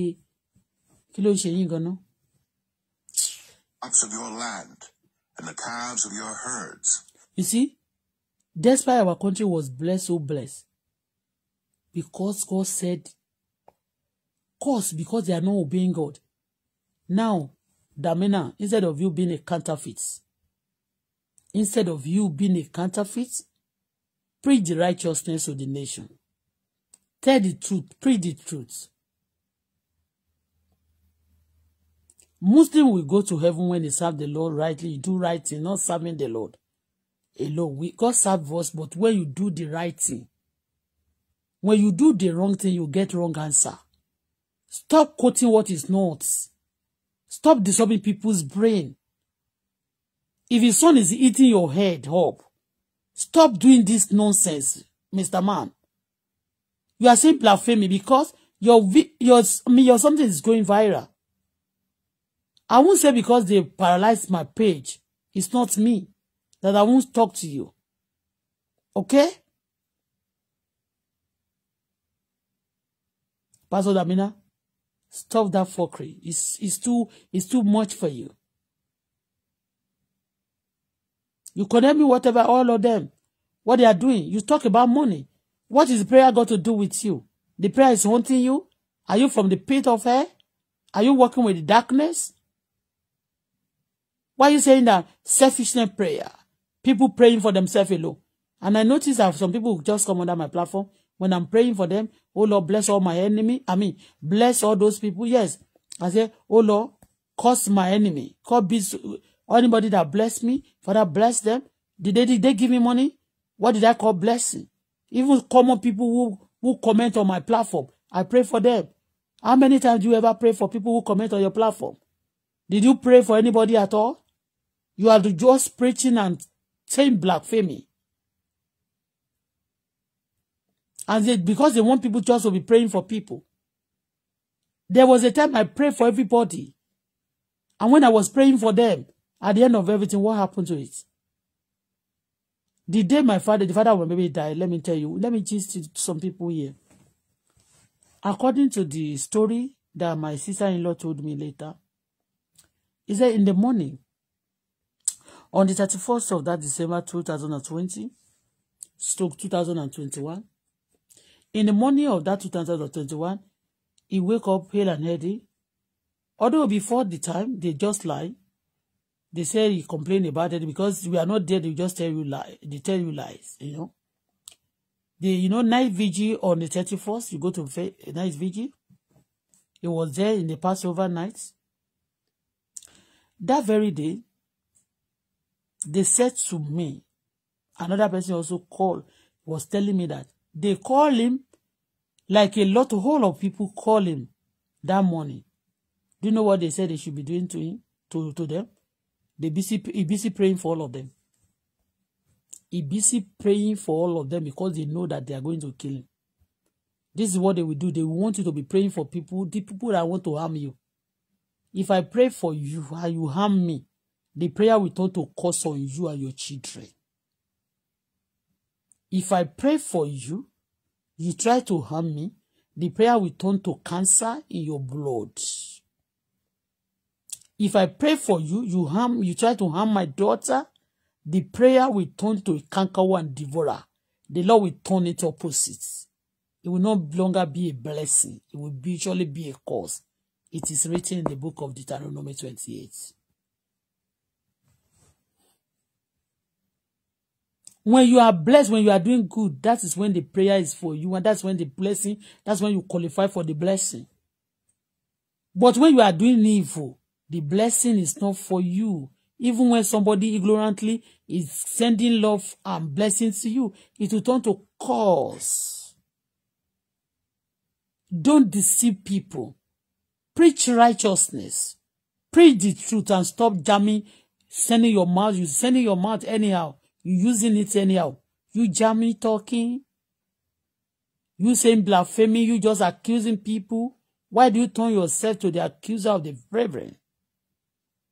kí ló ń ṣe yín ganan. Of your land and the calves of your herds. You see? Despite our country was blessed, so blessed. Because God said, "Cause because they are not obeying God. Now, Damina, instead of you being a counterfeit, instead of you being a counterfeit, preach the righteousness to the nation. Tell the truth, preach the truth. Muslim will go to heaven when they serve the Lord rightly, do right thing, not serving the Lord alone. We God serve us, but when you do the right thing, when you do the wrong thing, you get wrong answer. Stop quoting what is not. Stop disturbing people's brain. If your son is eating your head up, stop doing this nonsense, Mr. Man. You are saying blasphemy because your your I mean, your something is going viral. I won't say because they paralyzed my page. It's not me. that I won't talk to you. Okay? Pastor Damina, stop that fuckery. It's, it's, too, it's too much for you. You condemn me, whatever, all of them. What they are doing. You talk about money. What is prayer got to do with you? The prayer is haunting you? Are you from the pit of hell? Are you working with the darkness? Why are you saying that selfishness prayer? people praying for themselves alone. And I notice that some people just come under my platform when I'm praying for them. Oh Lord, bless all my enemy. I mean, bless all those people. Yes. I say, oh Lord, curse my enemy. Curse anybody that bless me. Father, bless them. Did they, did they give me money? What did I call blessing? Even common people who, who comment on my platform, I pray for them. How many times do you ever pray for people who comment on your platform? Did you pray for anybody at all? You are just preaching and saying blasphemy. And they, because they want people just to be praying for people. There was a time I prayed for everybody. And when I was praying for them, at the end of everything, what happened to it? The day my father, the father of my baby died, let me tell you, let me just to some people here. According to the story that my sister-in-law told me later, he said in the morning, On the 31st of that December 2020, stroke 2021, in the morning of that 2021, he wake up pale and heady. Although before the time, they just lie. They say he complained about it because we are not there, they just tell you lie. They tell you lies, you know. The, you know, night vigil on the 31st, you go to night vigil. He was there in the Passover night. That very day, they said to me, another person also called, was telling me that they call him like a lot a whole of people call him that morning. Do you know what they said they should be doing to him, to, to them? They busy, he busy praying for all of them. He busy praying for all of them because they know that they are going to kill him. This is what they will do. They want you to be praying for people, the people that want to harm you. If I pray for you and you harm me, The prayer will turn to curse on you and your children. If I pray for you, you try to harm me, the prayer will turn to cancer in your blood. If I pray for you, you harm, you try to harm my daughter, the prayer will turn to a canker and devourer. The Lord will turn it opposite. It will no longer be a blessing. It will be be a curse. It is written in the book of Deuteronomy 28. When you are blessed, when you are doing good, that is when the prayer is for you, and that's when the blessing, that's when you qualify for the blessing. But when you are doing evil, the blessing is not for you. Even when somebody ignorantly is sending love and blessings to you, it will turn to cause. Don't deceive people. Preach righteousness. Preach the truth and stop jamming, sending your mouth, you sending your mouth anyhow you using it anyhow you jamming talking you saying blasphemy you just accusing people why do you turn yourself to the accuser of the brethren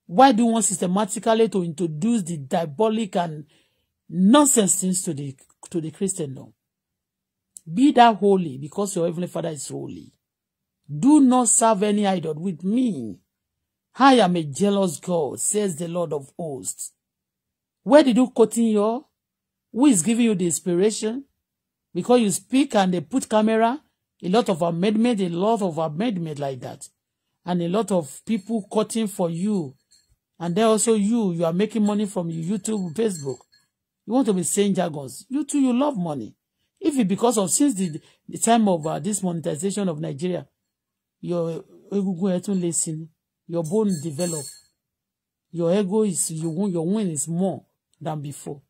why do you want systematically to introduce the diabolic and nonsense things to the to the Christendom be that holy because your heavenly father is holy do not serve any idol with me I am a jealous God, says the Lord of hosts. Where did you cutting your? Who is giving you the inspiration? Because you speak and they put camera, a lot of amendment, a lot of amendment like that. And a lot of people cutting for you. And then also you, you are making money from YouTube, Facebook. You want to be saying jargons. You too, you love money. If it because of since the, the time of uh, this monetization of Nigeria, your ego ẹ tún lè your bone develop, your ego is your, your win is more than before.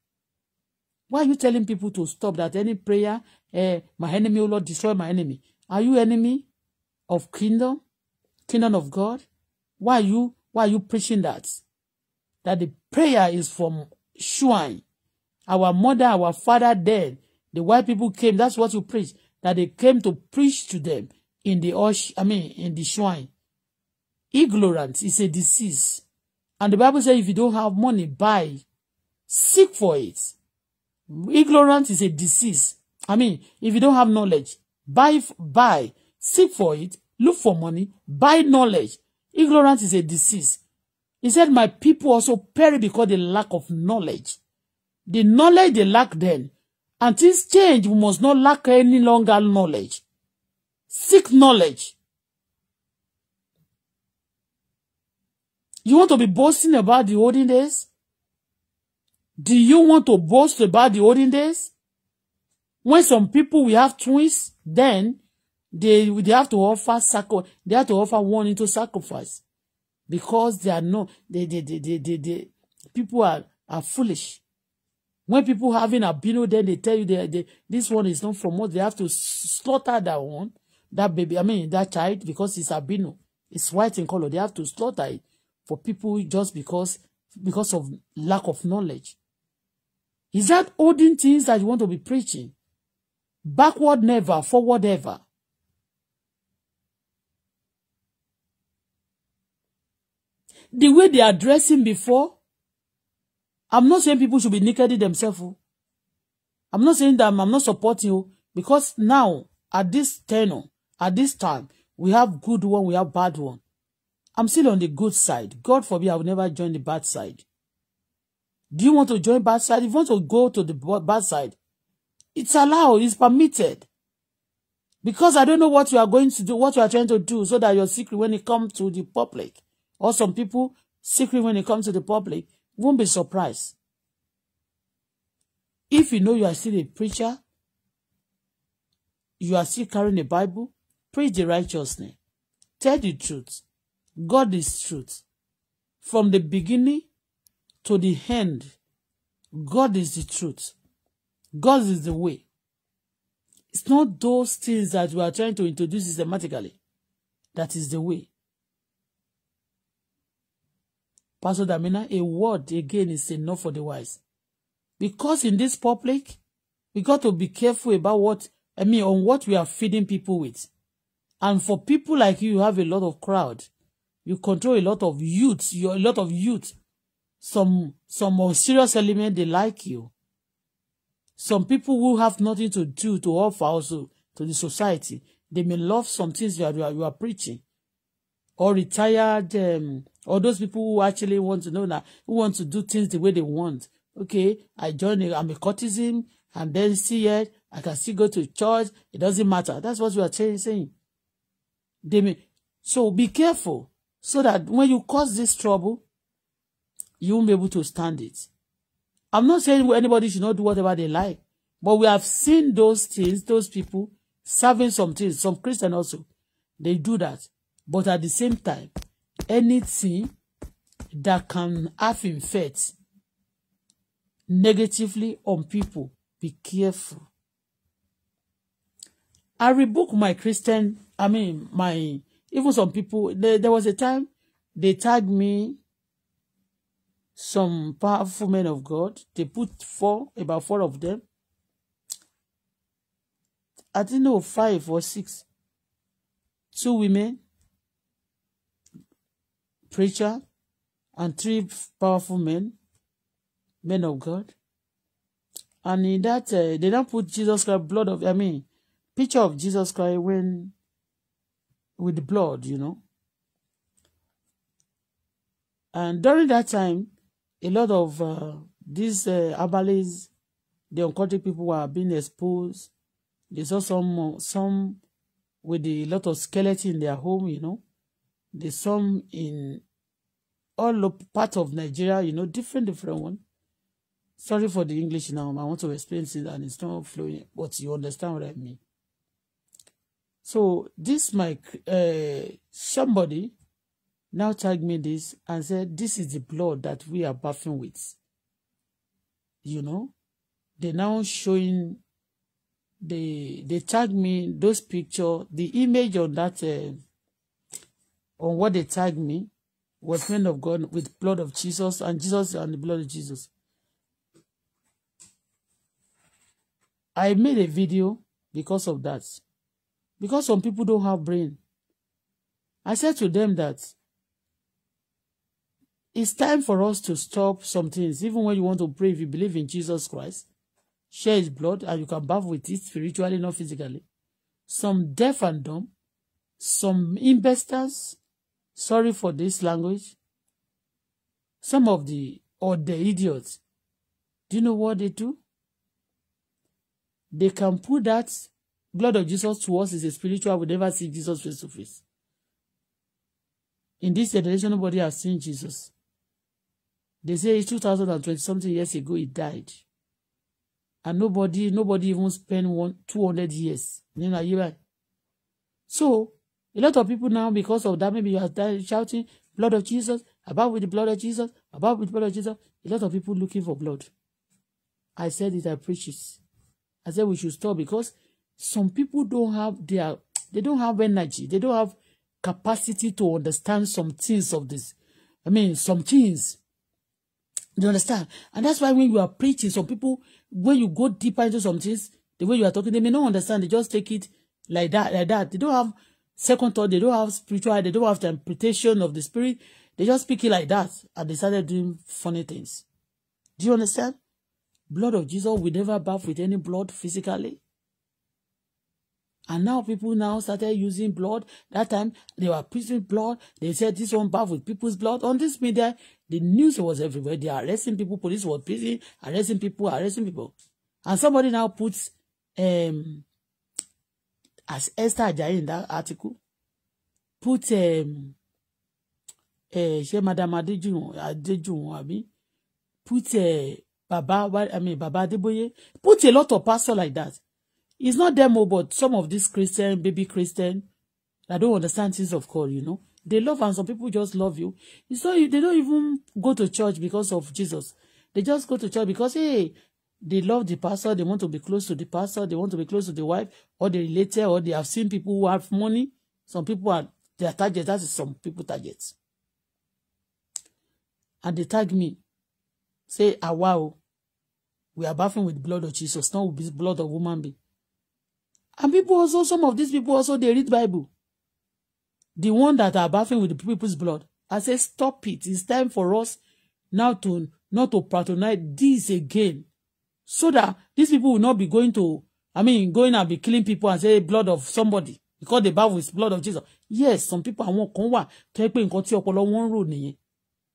Why are you telling people to stop that any prayer, eh, my enemy, O Lord, destroy my enemy? Are you enemy of kingdom, kingdom of God? Why are you why are you preaching that? That the prayer is from shrine. Our mother, our father dead. The white people came. That's what you preach. That they came to preach to them in the osh, I mean in the shrine. Ignorance is a disease. And the Bible says if you don't have money, buy Seek for it. Ignorance is a disease. I mean, if you don't have knowledge, buy, buy, seek for it, look for money, buy knowledge. Ignorance is a disease. He said, my people also perish because the lack of knowledge. The knowledge they lack then. And things change, we must not lack any longer knowledge. Seek knowledge. You want to be boasting about the olden days? Do you want to boast about the olden days? When some people will have twins, then they they have to offer sacri- they have to offer one into sacrifice because they are no. they they they they, they, they people are are foolish. When people having a albino, then they tell you they, they this one is not from us. They have to slaughter that one, that baby. I mean that child because it's albino. It's white in color. They have to slaughter it for people just because because of lack of knowledge. Is that holding things that you want to be preaching? Backward never, forward ever. The way they are dressing before, I'm not saying people should be naked themselves. Oh. I'm not saying that I'm, I'm not supporting you because now at this tenor, at this time, we have good one, we have bad one. I'm still on the good side. God forbid I will never join the bad side. Do you want to join backside? If you want to go to the bad side? it's allowed, it's permitted. Because I don't know what you are going to do, what you are trying to do, so that your secret when it comes to the public, or some people secret when it comes to the public, won't be surprised. If you know you are still a preacher, you are still carrying a Bible, preach the righteousness. Tell the truth. God is truth. From the beginning to the end. God is the truth. God is the way. It's not those things that we are trying to introduce systematically that is the way. Pastor Damina, a word again is enough for the wise. Because in this public, we got to be careful about what, I mean, on what we are feeding people with. And for people like you, you have a lot of crowd. You control a lot of youth. You're a lot of youth some some of serious element they like you some people who have nothing to do to offer also to the society they may love some things you are, you are, you are preaching or retired um, or those people who actually want to know that who want to do things the way they want okay i join a, i'm a courtesan and then see it i can still go to church it doesn't matter that's what you are saying they may so be careful so that when you cause this trouble you won't be able to stand it. I'm not saying anybody should not do whatever they like, but we have seen those things, those people serving some things, some Christian also, they do that. But at the same time, anything that can have effect negatively on people, be careful. I rebook my Christian, I mean, my, even some people, they, there was a time they tagged me some powerful men of God. They put four, about four of them. I didn't know five or six. Two women, preacher, and three powerful men, men of God. And in that, uh, they don't put Jesus Christ blood of, I mean, picture of Jesus Christ when, with blood, you know. And during that time, a lot of uh, these uh, herbalists, the oncologic people were being exposed. They saw some some with a lot of skeleton in their home, you know. There's some in all parts of Nigeria, you know, different different one. Sorry for the English now. I want to explain things and it's not flowing, but you understand what I mean. So this my uh, somebody now tag me this and said, This is the blood that we are bathing with. You know, they now showing, they, they tag me those picture, the image on that, uh, on what they tag me was men of God with blood of Jesus and Jesus and the blood of Jesus. I made a video because of that. Because some people don't have brain. I said to them that It's time for us to stop some things. Even when you want to pray, if you believe in Jesus Christ, share his blood, and you can bathe with it spiritually, not physically. Some deaf and dumb, some investors, sorry for this language, some of the or the idiots, do you know what they do? They can put that blood of Jesus to us is a spiritual, we never see Jesus face to face. In this generation, nobody has seen Jesus. They say it's 2020 something years ago he died. And nobody nobody even spent one 200 years. You know, you right. So a lot of people now because of that maybe you are shouting blood of Jesus, about with the blood of Jesus, about with the blood of Jesus. A lot of people looking for blood. I said it, I preach it. I said we should stop because some people don't have their they don't have energy, they don't have capacity to understand some things of this. I mean some things You understand? And that's why when you are preaching, some people, when you go deeper into some things, the way you are talking, they may not understand. They just take it like that, like that. They don't have second thought. They don't have spiritual. They don't have the interpretation of the spirit. They just speak it like that. And they started doing funny things. Do you understand? Blood of Jesus, we never bath with any blood physically. And now people now started using blood. That time they were preaching blood. They said this one bath with people's blood. On this media, The news was everywhere. They are arresting people. Police were busy arresting people, arresting people. And somebody now puts um, as Esther Ajayi in that article, put um, uh, eh, she Madam Adejun Adejun Abi, put uh, eh, Baba I mean Baba Deboye, put a lot of pastor like that. It's not them, oh, but some of these Christian baby Christian that don't understand things of God, you know they love and some people just love you. So they don't even go to church because of Jesus. They just go to church because, hey, they love the pastor, they want to be close to the pastor, they want to be close to the wife, or the relative or they have seen people who have money. Some people are their target that is some people targets. And they tag me, say, ah, wow, we are baffling with blood of Jesus, not with blood of woman be. And people also, some of these people also, they read Bible the one that are bathing with the people's blood. I say, stop it. It's time for us now to not to patronize this again. So that these people will not be going to, I mean, going and be killing people and say blood of somebody because they bath with blood of Jesus. Yes, some people àwọn one wà tó yẹ pé nǹkan tí ọpọlọ wọn ń rò nìyẹn.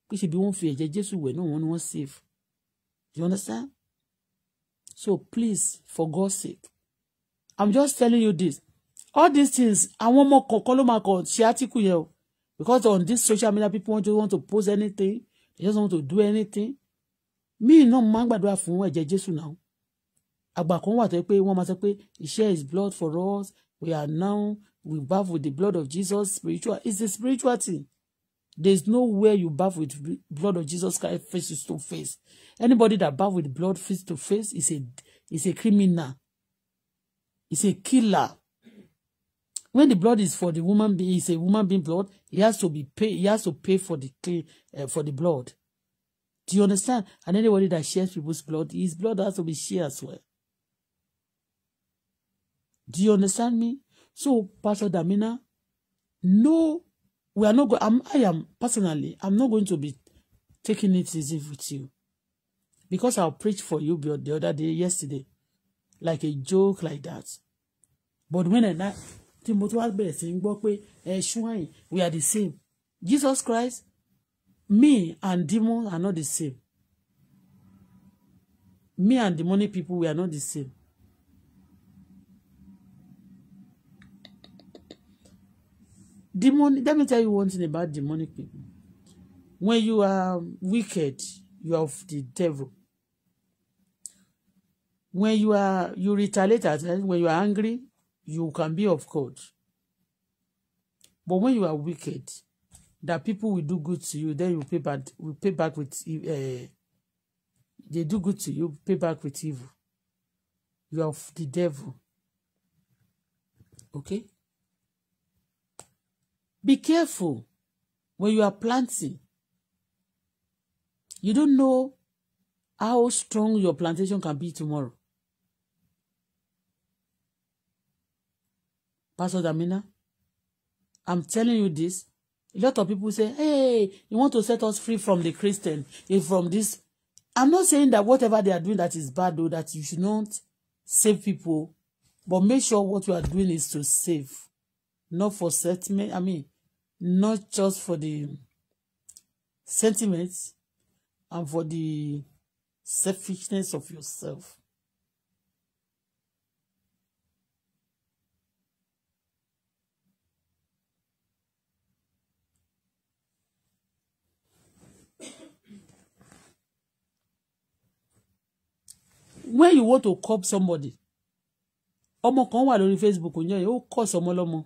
Pé ṣe bí wọ́n fi ẹ̀jẹ̀ Jésù wẹ̀ náà wọ́n ni save. You understand? So please, for God's sake, I'm just telling you this all these things àwọn ọmọ kọ̀ọ̀kan ló máa kọ̀ ṣe article yẹn o because on this social media people want to want to post anything they just want to do anything Me, náà máa ń gbàdúrà fún ẹ̀jẹ̀ Jésù náà àgbà kan wà tó yẹ pé wọ́n máa sọ pé he shed his blood for us we are now we bath with the blood of Jesus spiritual it's a spiritual thing there is no nowhere you bath with blood of Jesus Christ face to face anybody that bath with blood face to face is a is a criminal is a killer when the blood is for the woman being is a woman being blood he has to be pay he has to pay for the clean uh, for the blood do you understand and anybody that shares people's blood his blood has to be shared as well do you understand me so Pastor Damina no we are not going. I am personally I'm not going to be taking it easy with you because I'll preach for you the other day yesterday like a joke like that but when I tí mo ti wá bẹ̀rẹ̀ sí ń gbọ́ pé ẹ ṣúwáyìn we are the same Jesus Christ me and demons are not the same me and demonic people we are not the same demon let me tell you one thing about demonic people when you are wicked you are of the devil when you are you retaliate at times when you are angry you can be of God. But when you are wicked, that people will do good to you, then you pay back, will pay back with uh, they do good to you, pay back with evil. You are of the devil. Okay? Be careful when you are planting. You don't know how strong your plantation can be tomorrow. Pastor Damina, I'm telling you this. A lot of people say, hey, you want to set us free from the Christian, eh, from this. I'm not saying that whatever they are doing that is bad, though, that you should not save people. But make sure what you are doing is to save. Not for sentiment. I mean, not just for the sentiments and for the selfishness of yourself. when you want to cop somebody ọmọ kan wà lórí Facebook ǹjẹ́ yẹn ó kọ́ sọmọ lọ́mọ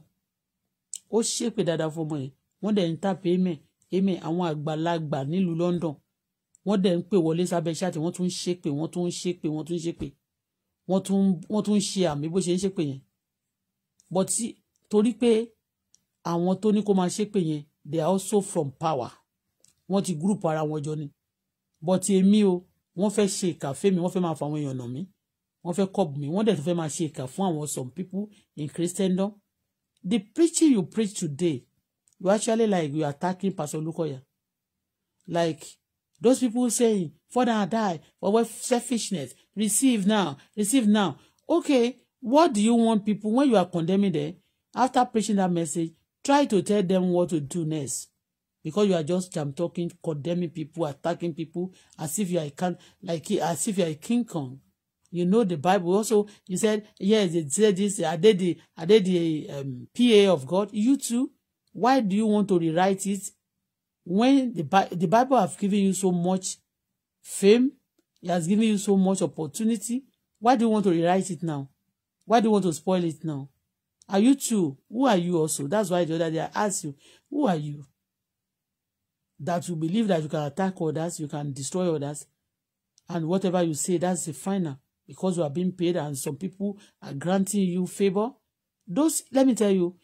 ó ṣépè dáadáa fọmọ yẹn wọ́n dẹ̀ ń ta payment èmi àwọn àgbàlagbà nílùú London wọ́n dẹ̀ ń pè wọlé sábẹ́ ṣáàtì wọ́n tún ń ṣépè wọ́n tún ń ṣépè wọ́n tún ń ṣépè wọ́n tún wọ́n tún ń ṣe àmì bó ṣe ń ṣépè yẹn but torí pé àwọn tó ní kó máa ṣépè yẹn they are also from power wọ́n ti gúrùpù ara wọn jọ ni but èmi o wọ́n fẹ́ ṣe ìkà fẹ́mi wọ́n fẹ́ máa fa àwọn èèyàn nà mí wọ́n fẹ́ kọ́ mi wọ́n dẹ̀ tún fẹ́ máa ṣe ìkà fún àwọn some people in Christendom the preaching you preach today you actually like you attacking Pastor Olukoya like those people saying father i die for what selfishness receive now receive now okay what do you want people when you are condemning them after preaching that message try to tell them what to do next because you are just jam talking condemning people attacking people as if you are a can like as if you are a king kong you know the bible also you said yes they said this are they the are they the um, pa of god you too why do you want to rewrite it when the, the bible have given you so much fame it has given you so much opportunity why do you want to rewrite it now why do you want to spoil it now are you too who are you also that's why the other day i asked you who are you that you believe that you can attack others, you can destroy others, and whatever you say, that's the final because you are being paid and some people are granting you favor. Those, let me tell you,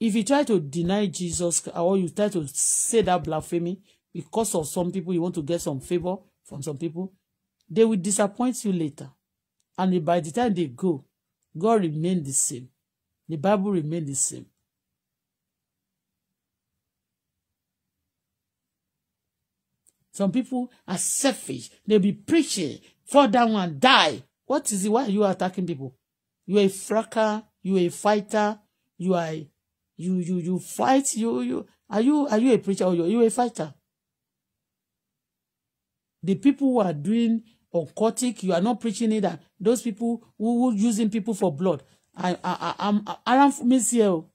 if you try to deny Jesus or you try to say that blasphemy because of some people, you want to get some favor from some people, they will disappoint you later. And by the time they go, God remains the same. The Bible remains the same. Some people are selfish. They be preaching, fall down and die. What is it? Why are you attacking people? You are a fracker. You are a fighter. You are you you you fight. You you are you are you a preacher or you you a fighter? The people who are doing occultic, you are not preaching either. Those people who, who using people for blood. I I I'm I am miss you.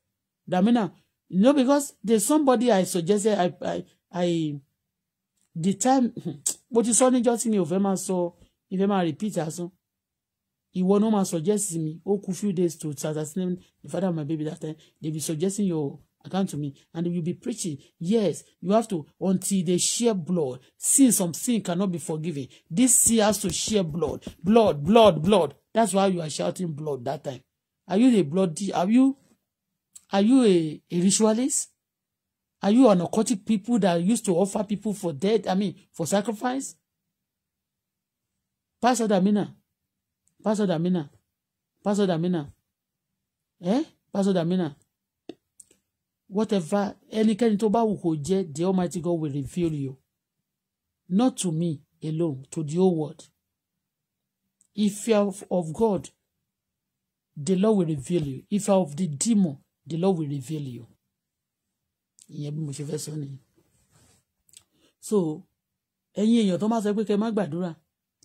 Damina. You know, because there's somebody I suggested I I I the time mo ti sọ níjọ́ tí mi ò fẹ́ máa sọ ìfẹ́ máa repeat asán ìwọ ni wọ́n máa suggest me, ó kú few days to assassinate the father of my baby that time they be suggesting your account to me and you be preaching yes you have to until they share blood sin some sin cannot be forgiven this sin has to share blood blood blood blood that's why you are shouting blood that time are you a bloody are you are you a, a ritualist Are you an occultic people that used to offer people for death? I mean, for sacrifice? Pastor Damina. Pastor Damina. Pastor Damina. Eh? Pastor Damina. Whatever, ẹnikẹ́ni tó bá wù kó jẹ́, the Almighty God will reveal you. Not to me alone, to the whole world. If you are of God, the Lord will reveal you. If you are of the demon, the Lord will reveal you ìyẹn bí mo ṣe fẹ́ sọ nìyẹn so ẹ̀yin èèyàn tó máa sọ pé kẹ́ má gbàdúrà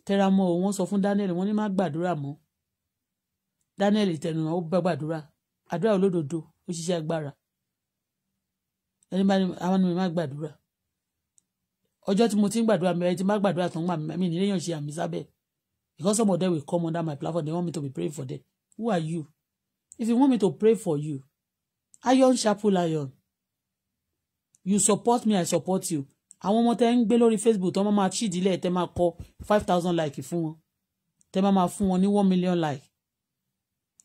tẹra mọ́ òun sọ fún Daniel wọ́n ní má gbàdúrà mọ́ Daniel tẹnumọ́ ó bá gbàdúrà àdúrà olódodo ó ṣiṣẹ́ agbára ẹni bá ní àwọn mi má gbàdúrà ọjọ́ tí mo ti ń gbàdúrà mi ẹni tí má gbàdúrà tó ń gbà mí ní léyàn ṣe àmì sábẹ́ because some of them will come under my platform they want me to be praying for them who are you if you want me to pray for you iron sharp iron you support me i support you àwọn ọmọ tẹ ń gbé lórí facebook tọ́ máa ṣídìílẹ̀ tẹ máa kọ five thousand like fún wọn tẹ máa fún wọn ní one million like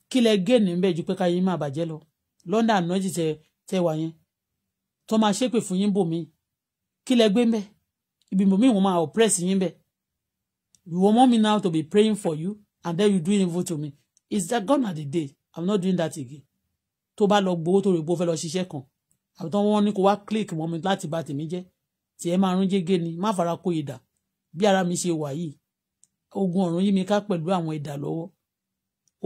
kí lẹ gé níbẹ̀ ju pé káyé máa bàjẹ́ lọ london ànájì tẹ tẹ wà yẹn tọ́ máa ṣépè fún yín bò mí kí lẹ gbé mbẹ ibi bò mí wọn máa oppress yín bẹ you want me now to be praying for you and then you do evil to me is that gone na the day i'm not doing that again tó bá lọ gbowó tó rè bó fẹ́ lọ ṣiṣẹ́ kan àbí tí wọ́n ní kó wá click mọ́ mi láti bà tèmi jẹ́ tí ẹ máa rún jẹ́gẹ́ ni má fara kó ìdà bí ara mi ṣe wà yìí ogun ọ̀run yí mi ká pẹ̀lú àwọn ìdà lọ́wọ́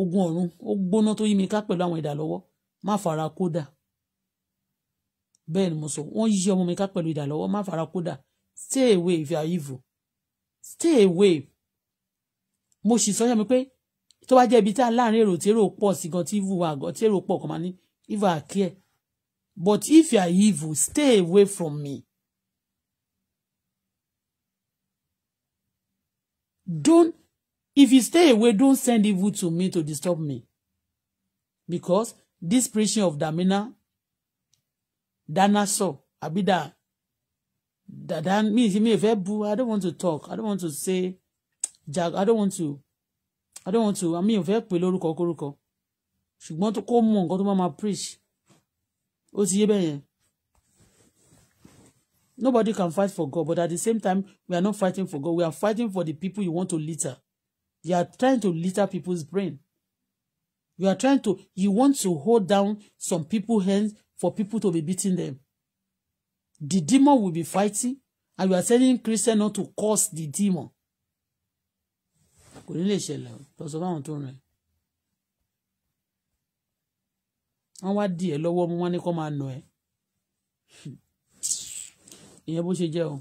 ogun ọ̀run ó gbóná tó yí mi ká pẹ̀lú àwọn ìdà lọ́wọ́ má fara kó dà bẹ́ẹ̀ ni mo sọ wọ́n yí ọmọ mi ká pẹ̀lú ìdà lọ́wọ́ má fara kó dà stay away if you are evil stay away mo sì sọ yà mí pé tó bá jẹ́ ibi tá a láàrin èrò tí èrò pọ̀ sí gan tí ìvù wà gan tí èrò pọ̀ kàn máa ní ìvù àkíyẹ̀ But if you are evil, stay away from me. Don't, if you stay away, don't send evil to me to disturb me. Because this preaching of Damina, Danaso, Abida, Dadan, me, me, I don't want to talk. I don't want to say, Jack, I don't want to, I don't want to, I mean, if I pè lórúkọ kórúkọ. Ṣùgbọ́n tó kó mọ̀ nǹkan tó máa ma preach ó ti yé bẹ́yẹn nobody can fight for God but at the same time we are not fighting for God we are fighting for the people you want to litter you are trying to litter people's brain you are trying to you want to hold down some people hands for people to be beating them the demon will be fighting and you are telling Christian not to curse the demon kò ní lè ṣẹlẹ̀ o lọ sọ fáwọn tó ń rìn. wọ́n wá dì ẹ́ lọ́wọ́ mú wọn ní kó máa nà ẹ́ ìyẹn bó ṣe jẹ́ o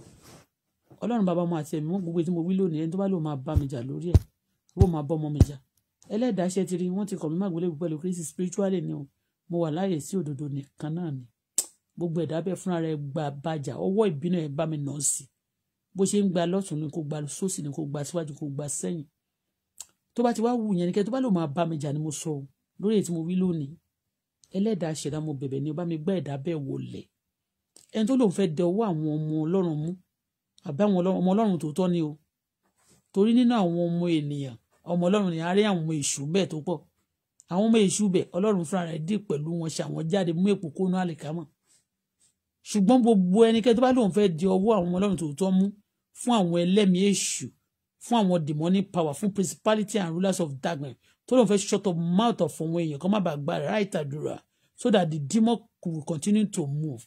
ọlọ́run bàbá ọmọ àti ẹ̀mí wọn gbogbo tí mo wí tó bá lò máa bá mi jà lórí ẹ̀ ó máa bọ́ ọmọ mi jà ẹlẹ́dàá ti rí wọ́n ti kọ̀ mí màgbélé pẹ̀lú kristi spiritually ni o mo wà láàyè sí òdodo nìkan náà ni gbogbo ẹ̀dá bẹ́ẹ̀ fúnra rẹ̀ gba bàjà ọwọ́ ìbínú ẹ̀ bá mi nà sí bó ṣe ń gba lọ́tún ni kò gba sósì ni kò gba síwájú kò gba sẹ́yìn tó bá ti wá wù yẹn ni tó bá lò máa bá mi jà ni mo sọ lórí èyí mo wí lónìí ẹlẹ́dàá ṣẹ̀dá mo bẹ̀bẹ̀ ni ó bá mi gbá ẹ̀dá bẹ́ẹ̀ wọlé ẹni tó lòun fẹ́ dẹ ọwọ́ àwọn ọmọ ọlọ́run mú àbí àwọn ọmọ ọlọ́run tòótọ́ ni o torí nínú àwọn ọmọ ènìyàn ọmọ ọlọ́run ni a rí àwọn ọmọ èṣù bẹ́ẹ̀ tó pọ̀ àwọn ọmọ èṣù bẹ́ẹ̀ ọlọ́run fúnra rẹ̀ dì pẹ̀lú wọn ṣàwọn jáde mú èpò kónú àlìkámọ̀ ṣùgbọ́n gbogbo ẹnikẹ́ni tó bá lóun fẹ́ di ọwọ́ àwọn ọmọ ọlọ́run tòótọ́ mú fún àwọn ẹlẹ́mìí èṣù fún àwọn demonic power fún principality and rulers of darkness tó lóun fẹ́ shut up mouth of òun èèyàn kan má bàa gba right àdúrà so that the demon could continue to move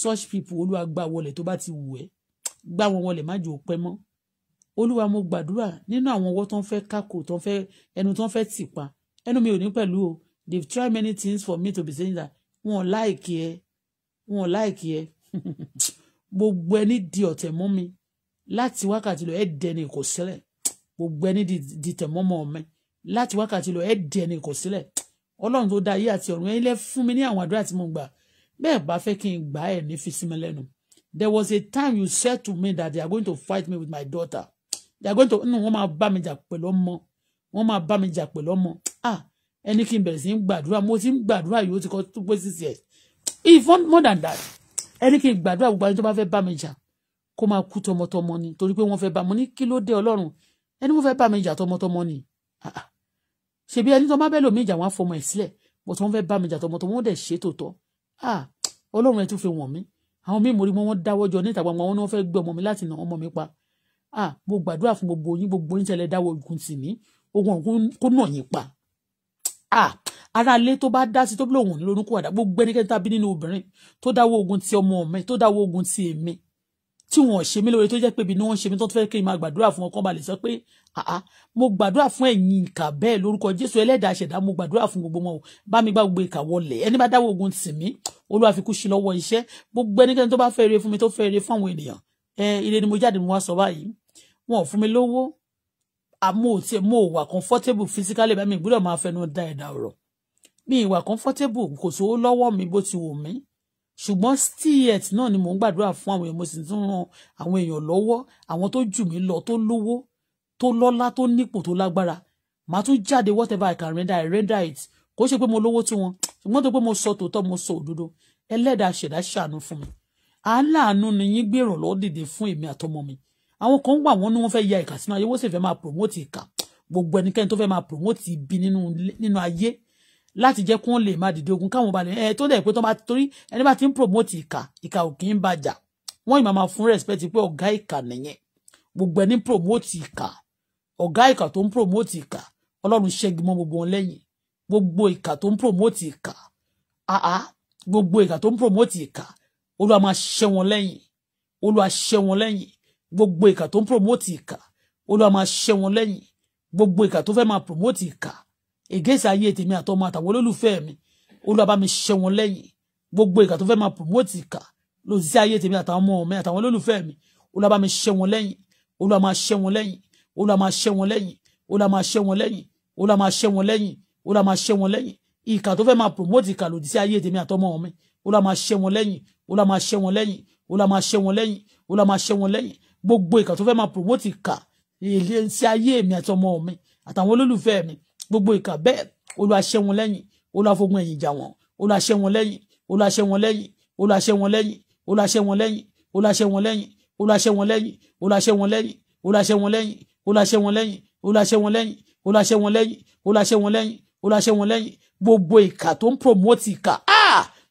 such people olúwa gbà wọlé tó bá ti wù ẹ́ gbà wọn wọlé má jò pẹ́ mọ́ olúwa mo gbàdúrà nínú àwọn ọwọ́ tó ń fẹ́ kákò tó ń fẹ́ ẹnu tó ń fẹ́ tì pa ẹnu mi ò ní pẹ̀lú o they try many things for me to be saying that wọn láìkí ẹ wọn láìkí ẹ gbogbo ẹni di ọ̀tẹ̀ mọ́ mi láti wákàtí lọ ẹ dẹni kò sílẹ̀ gbogbo ẹni di tẹ̀mọ́mọ́ mi láti wákàtí lọ ẹ ẹni kò sílẹ̀ ọlọ́run tó dá ayé àti ọ̀run ẹ lẹ́ fún mi ní àwọn àdúrà tí mo gbà bẹ́ẹ̀ bá fẹ́ kí n gbà ẹ̀ ní fi sí there was a time you said to me that they are going to fight me with my daughter they are going to no wọ́n máa bá mi jà pẹ̀lú ọmọ wọ́n máa bá mi jà pẹ̀lú ọmọ ah ẹni kí n bẹ̀rẹ̀ sí ń gbàdúrà mo ti ń gbàdúrà yìí ó ti kọ́ tó pé six years if more than that ẹni kí n gbàdúrà gbogbo àwọn tó bá fẹ́ bá mi jà kó máa kú tọmọtọmọ ni torí pé wọ́n fẹ́ bá mo ní kí ló dé ọlọ́run ẹni mo fẹ́ bá mi jà tọmọtọmọ ni Ah, ah. ṣebí ẹni tó má bẹ́ẹ̀ lòmíì ìjà wọn á fọmọ ẹ̀ sílẹ̀ mo tó ń fẹ́ bá mi jà tọmọ tó wọ́n dẹ̀ ṣe tòótọ́ ah, ọlọ́run ẹ̀ tún fi wọ̀n mí àwọn míì mo rí wọn wọ́n dáwọ́ jọ níta gbàgbọ́n wọn ni wọ́n fẹ́ gbé ọmọ mi láti nà ọmọ mi pa mo gbàdúrà fún gbogbo yín gbogbo yín tẹ́lẹ̀ dáwọ́ ogun tì mí ogun ọ̀hún kó nà yín pa ara ilé tó bá dá sí tó bí lòun ò ní ronú kó wàdà gbogbo ẹnikẹ́ni tàbí nínú obìnrin tó dáwọ́ ogun ti ọmọ mi tó dáwọ́ ogun ti èmi tí wọn ṣe mí lóore tó jẹ́ pé ibi ni wọ́n ṣe mí tó fẹ́ kí n máa gbàdúrà fún wọn kán balẹ̀ sọ pé àá mo gbàdúrà fún ẹ̀yin ìkà bẹ́ẹ̀ lórúkọ Jésù ẹlẹ́dàá ṣẹ̀dá mo gbàdúrà fún gbogbo wọn o bá mi gbá gbogbo ìkà wọlé ẹni bá dáwọ́ ogun tì mí Olúwa sí lọ́wọ́ iṣẹ́ gbogbo ẹnikẹ́ni tó bá fẹ́ ire fún mi tó fẹ́ ire fún àwọn ènìyàn ẹ ire ni mo jáde mo wá sọ báyìí wọn ò fún mi lówó àmọ́ ò tiẹ̀ mo wà comfortable physically bá mi gbọ́dọ̀ máa fẹnu da ẹ̀dá ọ̀rọ̀ mi ìwà comfortable kò sówó lọ́wọ́ mi bó ti wù mí ṣùgbọ́n stiet náà ni mò ń gbàdúrà fún àwọn èèyàn mo sì tún ran àwọn èèyàn lọ́wọ́ àwọn tó jù mí lọ tó lówó tó lọ́lá tó nípò tó lágbára màá tún jáde whatever I can render I render it kò ṣe pé mo lówó tí wọn ṣùgbọ́n tó pé mo sọ tòótọ́ mo sọ òdodo ẹlẹ́dàá ṣẹ̀dá ṣàánú fún mi aláàánú ni yín gbé ìrànlọ́wọ́ dìde fún èmi àtọmọ mi àwọn kan wà wọ́n ní wọ́n fẹ́ ya ìkà sínú ayé wọ́n sì fẹ́ máa promote ìkà gbogbo ẹnikẹ́ni tó fẹ́ máa promote ibi nínú ayé láti jẹ́ kí wọ́n lè máa dìde ogun káwọn balẹ̀ ẹ tó dẹ̀ pé tó bá torí ẹni bá ti ń promote ìkà ìkà ò kì í bàjà wọ́n ìmọ̀ máa fún respect pé ọ̀gá ìkà nìyẹn gbogbo ẹni promote ìkà ọ̀gá ìkà tó ń promote ìkà ọlọ́run ṣẹ́gi mọ́ gbogbo wọn lẹ́yìn gbogbo ìkà tó ń promote ìkà àá gbogbo ìkà tó ń promote ìkà olúwa máa ṣẹ́ wọn lẹ́yìn olúwa ṣẹ́ wọn lẹ́yìn gbogbo ìkà tó ń promote ìkà olúwa máa ṣẹ́ wọn lẹ́yìn gbogbo ìkà tó fẹ́ máa promote ìkà against ayé tèmi àtọmọ àtàwọn olólùfẹ́ mi Olúwa bá mi ṣẹ́ wọn lẹ́yìn gbogbo ìkà tó fẹ́ máa promote ìkà lòdì sí ayé tèmi àtàwọn ọmọ mi àtàwọn olólùfẹ́ mi Olúwa bá mi ṣẹ́ wọn lẹ́yìn Olúwa máa ṣẹ́ wọn lẹ́yìn Olúwa máa ṣẹ́ wọn lẹ́yìn Olúwa máa ṣẹ́ wọn lẹ́yìn Olúwa máa ṣẹ́ wọn lẹ́yìn Olúwa máa ṣẹ́ wọn lẹ́yìn ìkà tó fẹ́ máa promote ìkà lòdì sí ayé tèmi àtọmọ mi Olúwa máa ṣẹ́ wọn lẹ́yìn Olúwa máa ṣẹ́ wọn lẹ́yìn Olúwa máa ṣẹ́ wọn lẹ́yìn Olúwa máa ṣẹ́ wọn lẹ́yìn gbogbo ìkà tó fẹ́ máa promote ìkà sí ayé mi àtọmọ mi àtàwọn olólùfẹ́ mi gbogbo ìkà bẹ́ẹ̀ Olúwa ṣẹ́ wọn lẹ́yìn Olúwa fogun ẹ̀yìn jà wọ́n Olúwa ṣẹ́ wọn lẹ́yìn Olúwa ṣẹ́ wọn lẹ́yìn Olúwa ṣẹ́ wọn lẹ́yìn Olúwa ṣẹ́ wọn lẹ́yìn Olúwa ṣẹ́ wọn lẹ́yìn Olúwa ṣẹ́ wọn lẹ́yìn Olúwa ṣẹ́ wọn lẹ́yìn Olúwa ṣẹ́ wọn lẹ́yìn Olúwa ṣẹ́ wọn lẹ́yìn Olúwa ṣẹ́ wọn lẹ́yìn Olúwa ṣẹ́ wọn lẹ́yìn Olúwa ṣẹ́ wọn lẹ́yìn Olúwa ṣẹ́ wọn lẹ́yìn gbogbo ìkà tó ń promote ìkà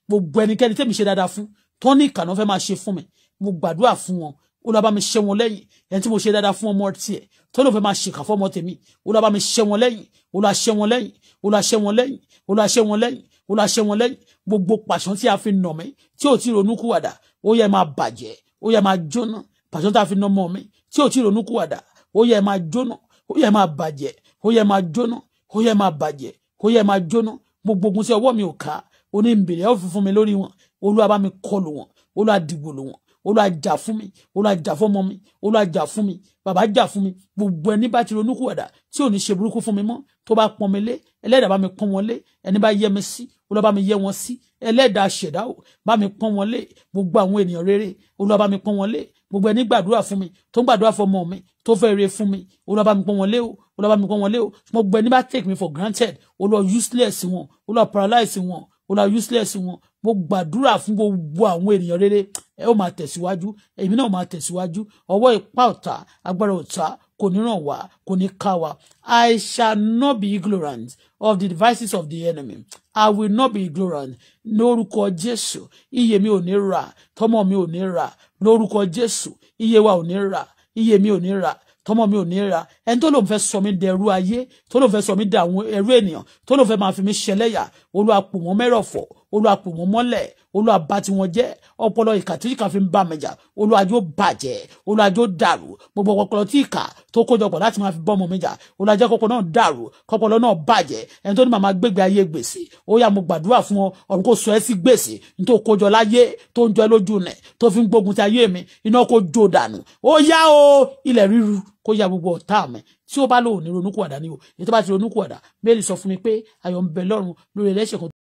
gbogbo ẹnikẹ́ni tẹ́mi ṣe dáadáa fún tọ́ní ìkà náà fẹ́ máa ṣe fún mi mo gbàdúrà fún wọn olúwa mi ṣe wọn lẹ́yìn ẹni tí mo ṣe dáadáa fún ọmọ tiẹ̀ tó ló fẹ́ máa ṣèkà fún ọmọ tèmi olúwa bá mi ṣe wọn lẹ́yìn olúwa ṣe wọn lẹ́yìn olúwa ṣe wọn lẹ́yìn olúwa ṣe wọn lẹ́yìn olúwa ṣe wọn lẹ́yìn gbogbo pàṣán tí a fi nà mí tí ò tí ronú kúwàdà ó yẹ máa bàjẹ́ ó yẹ máa jóná pàṣán tá a fi nà ọmọ mi tí ò tí ronú kúwàdà ó yẹ máa jóná ó yẹ máa bàjẹ́ ó yẹ máa jóná ó yẹ máa bàjẹ́ ó yẹ máa jóná gbogbo ogun tí ọwọ́ mi ò ká oní ìbèrè ọ̀fun fún mi lórí wọn olúwa bá mi kọlù wọn olúwa dìgbòlù wọn olúwa jà fún mi olúwa jà fún ọmọ mi olúwa jà fún mi bàbá jà fún mi gbogbo ẹni bá ti ronúkú ẹ̀dá tí ò ní ṣe burúkú fún mi mọ́ tó bá pọ́n mi lé ẹlẹ́dàá bá mi pọ́n wọn lé ẹni bá yẹ mi sí olúwa bá mi yẹ wọn sí ẹlẹ́dàá ṣẹ̀dá o bá mi pọ́n wọn lé gbogbo àwọn ènìyàn rere olúwa bá mi pọ́n wọn lé gbogbo ẹni gbàdúrà fún mi tó gbàdúrà fún ọmọ mi tó fẹ́ re fún mi olúwa bá mi pọ́n wọn lé o olúwa bá mi pọ́n wọn lé o take me for granted olúwa useless wọn olúwa paralyze wọn olúwa useless wọn mo gbàdúrà fún gbogbo àwọn ẹ ó máa tẹ̀síwájú èmi náà máa tẹ̀síwájú ọwọ́ ipá ọ̀tá agbára ọ̀tá kò ní ràn wá kò ní ká wa I shall not be ignorant of the devices of the enemy I will not be ignorant lórúkọ Jésù iye mi ò ní rà tọmọ mi ò ní rà lórúkọ Jésù iye wa ò ní rà iye mi ò ní rà tọmọ mi ò ní ra ẹni tó lòun fẹ́ sọ mí dẹrú ayé tó lòun fẹ́ sọ mí dàwọn ẹrú ènìyàn tó lòun fẹ́ máa fi mí ṣẹlẹ́yà olúwa pò wọ́n mẹ́rọ̀fọ̀ olúwa pò wọ́n mọ́lẹ̀ olúwa bá tiwọn jẹ́ ọpọlọ ìkà tí ìkà fi ń bá mẹjà olúwa jọ̀ọ́ bàjẹ́ olúwa jọ̀ọ́ dàrú gbogbo ọpọlọ tí ìkà tó kójọpọ̀ láti máa fi bọ́ ọmọ mẹjà olúwa jẹ́ kọ́kọ́ náà dàrú kọ́pọlọ náà bàjẹ́ ẹni tó ní màmá gbégbé ayé gbèsè ó yá mo gbàdúrà fún ọ ọ̀run kò sọ ẹ́ sí gbèsè tó kójọ láyé tó ń jọ ẹ́ lójú nẹ̀ tó fi ń gbógun ti ayé mi iná kó jó dànù ó yá o ilẹ̀ ríru kó yá gbogbo ọ̀tá mi tí ó bá lóun ní ronúkúwàdà ni o èyí tó bá ti ronúkúwàdà Mary sọ fún mi pé ayọ̀ ń bẹ lọ́run lórí ẹlẹ́ṣẹ̀ kan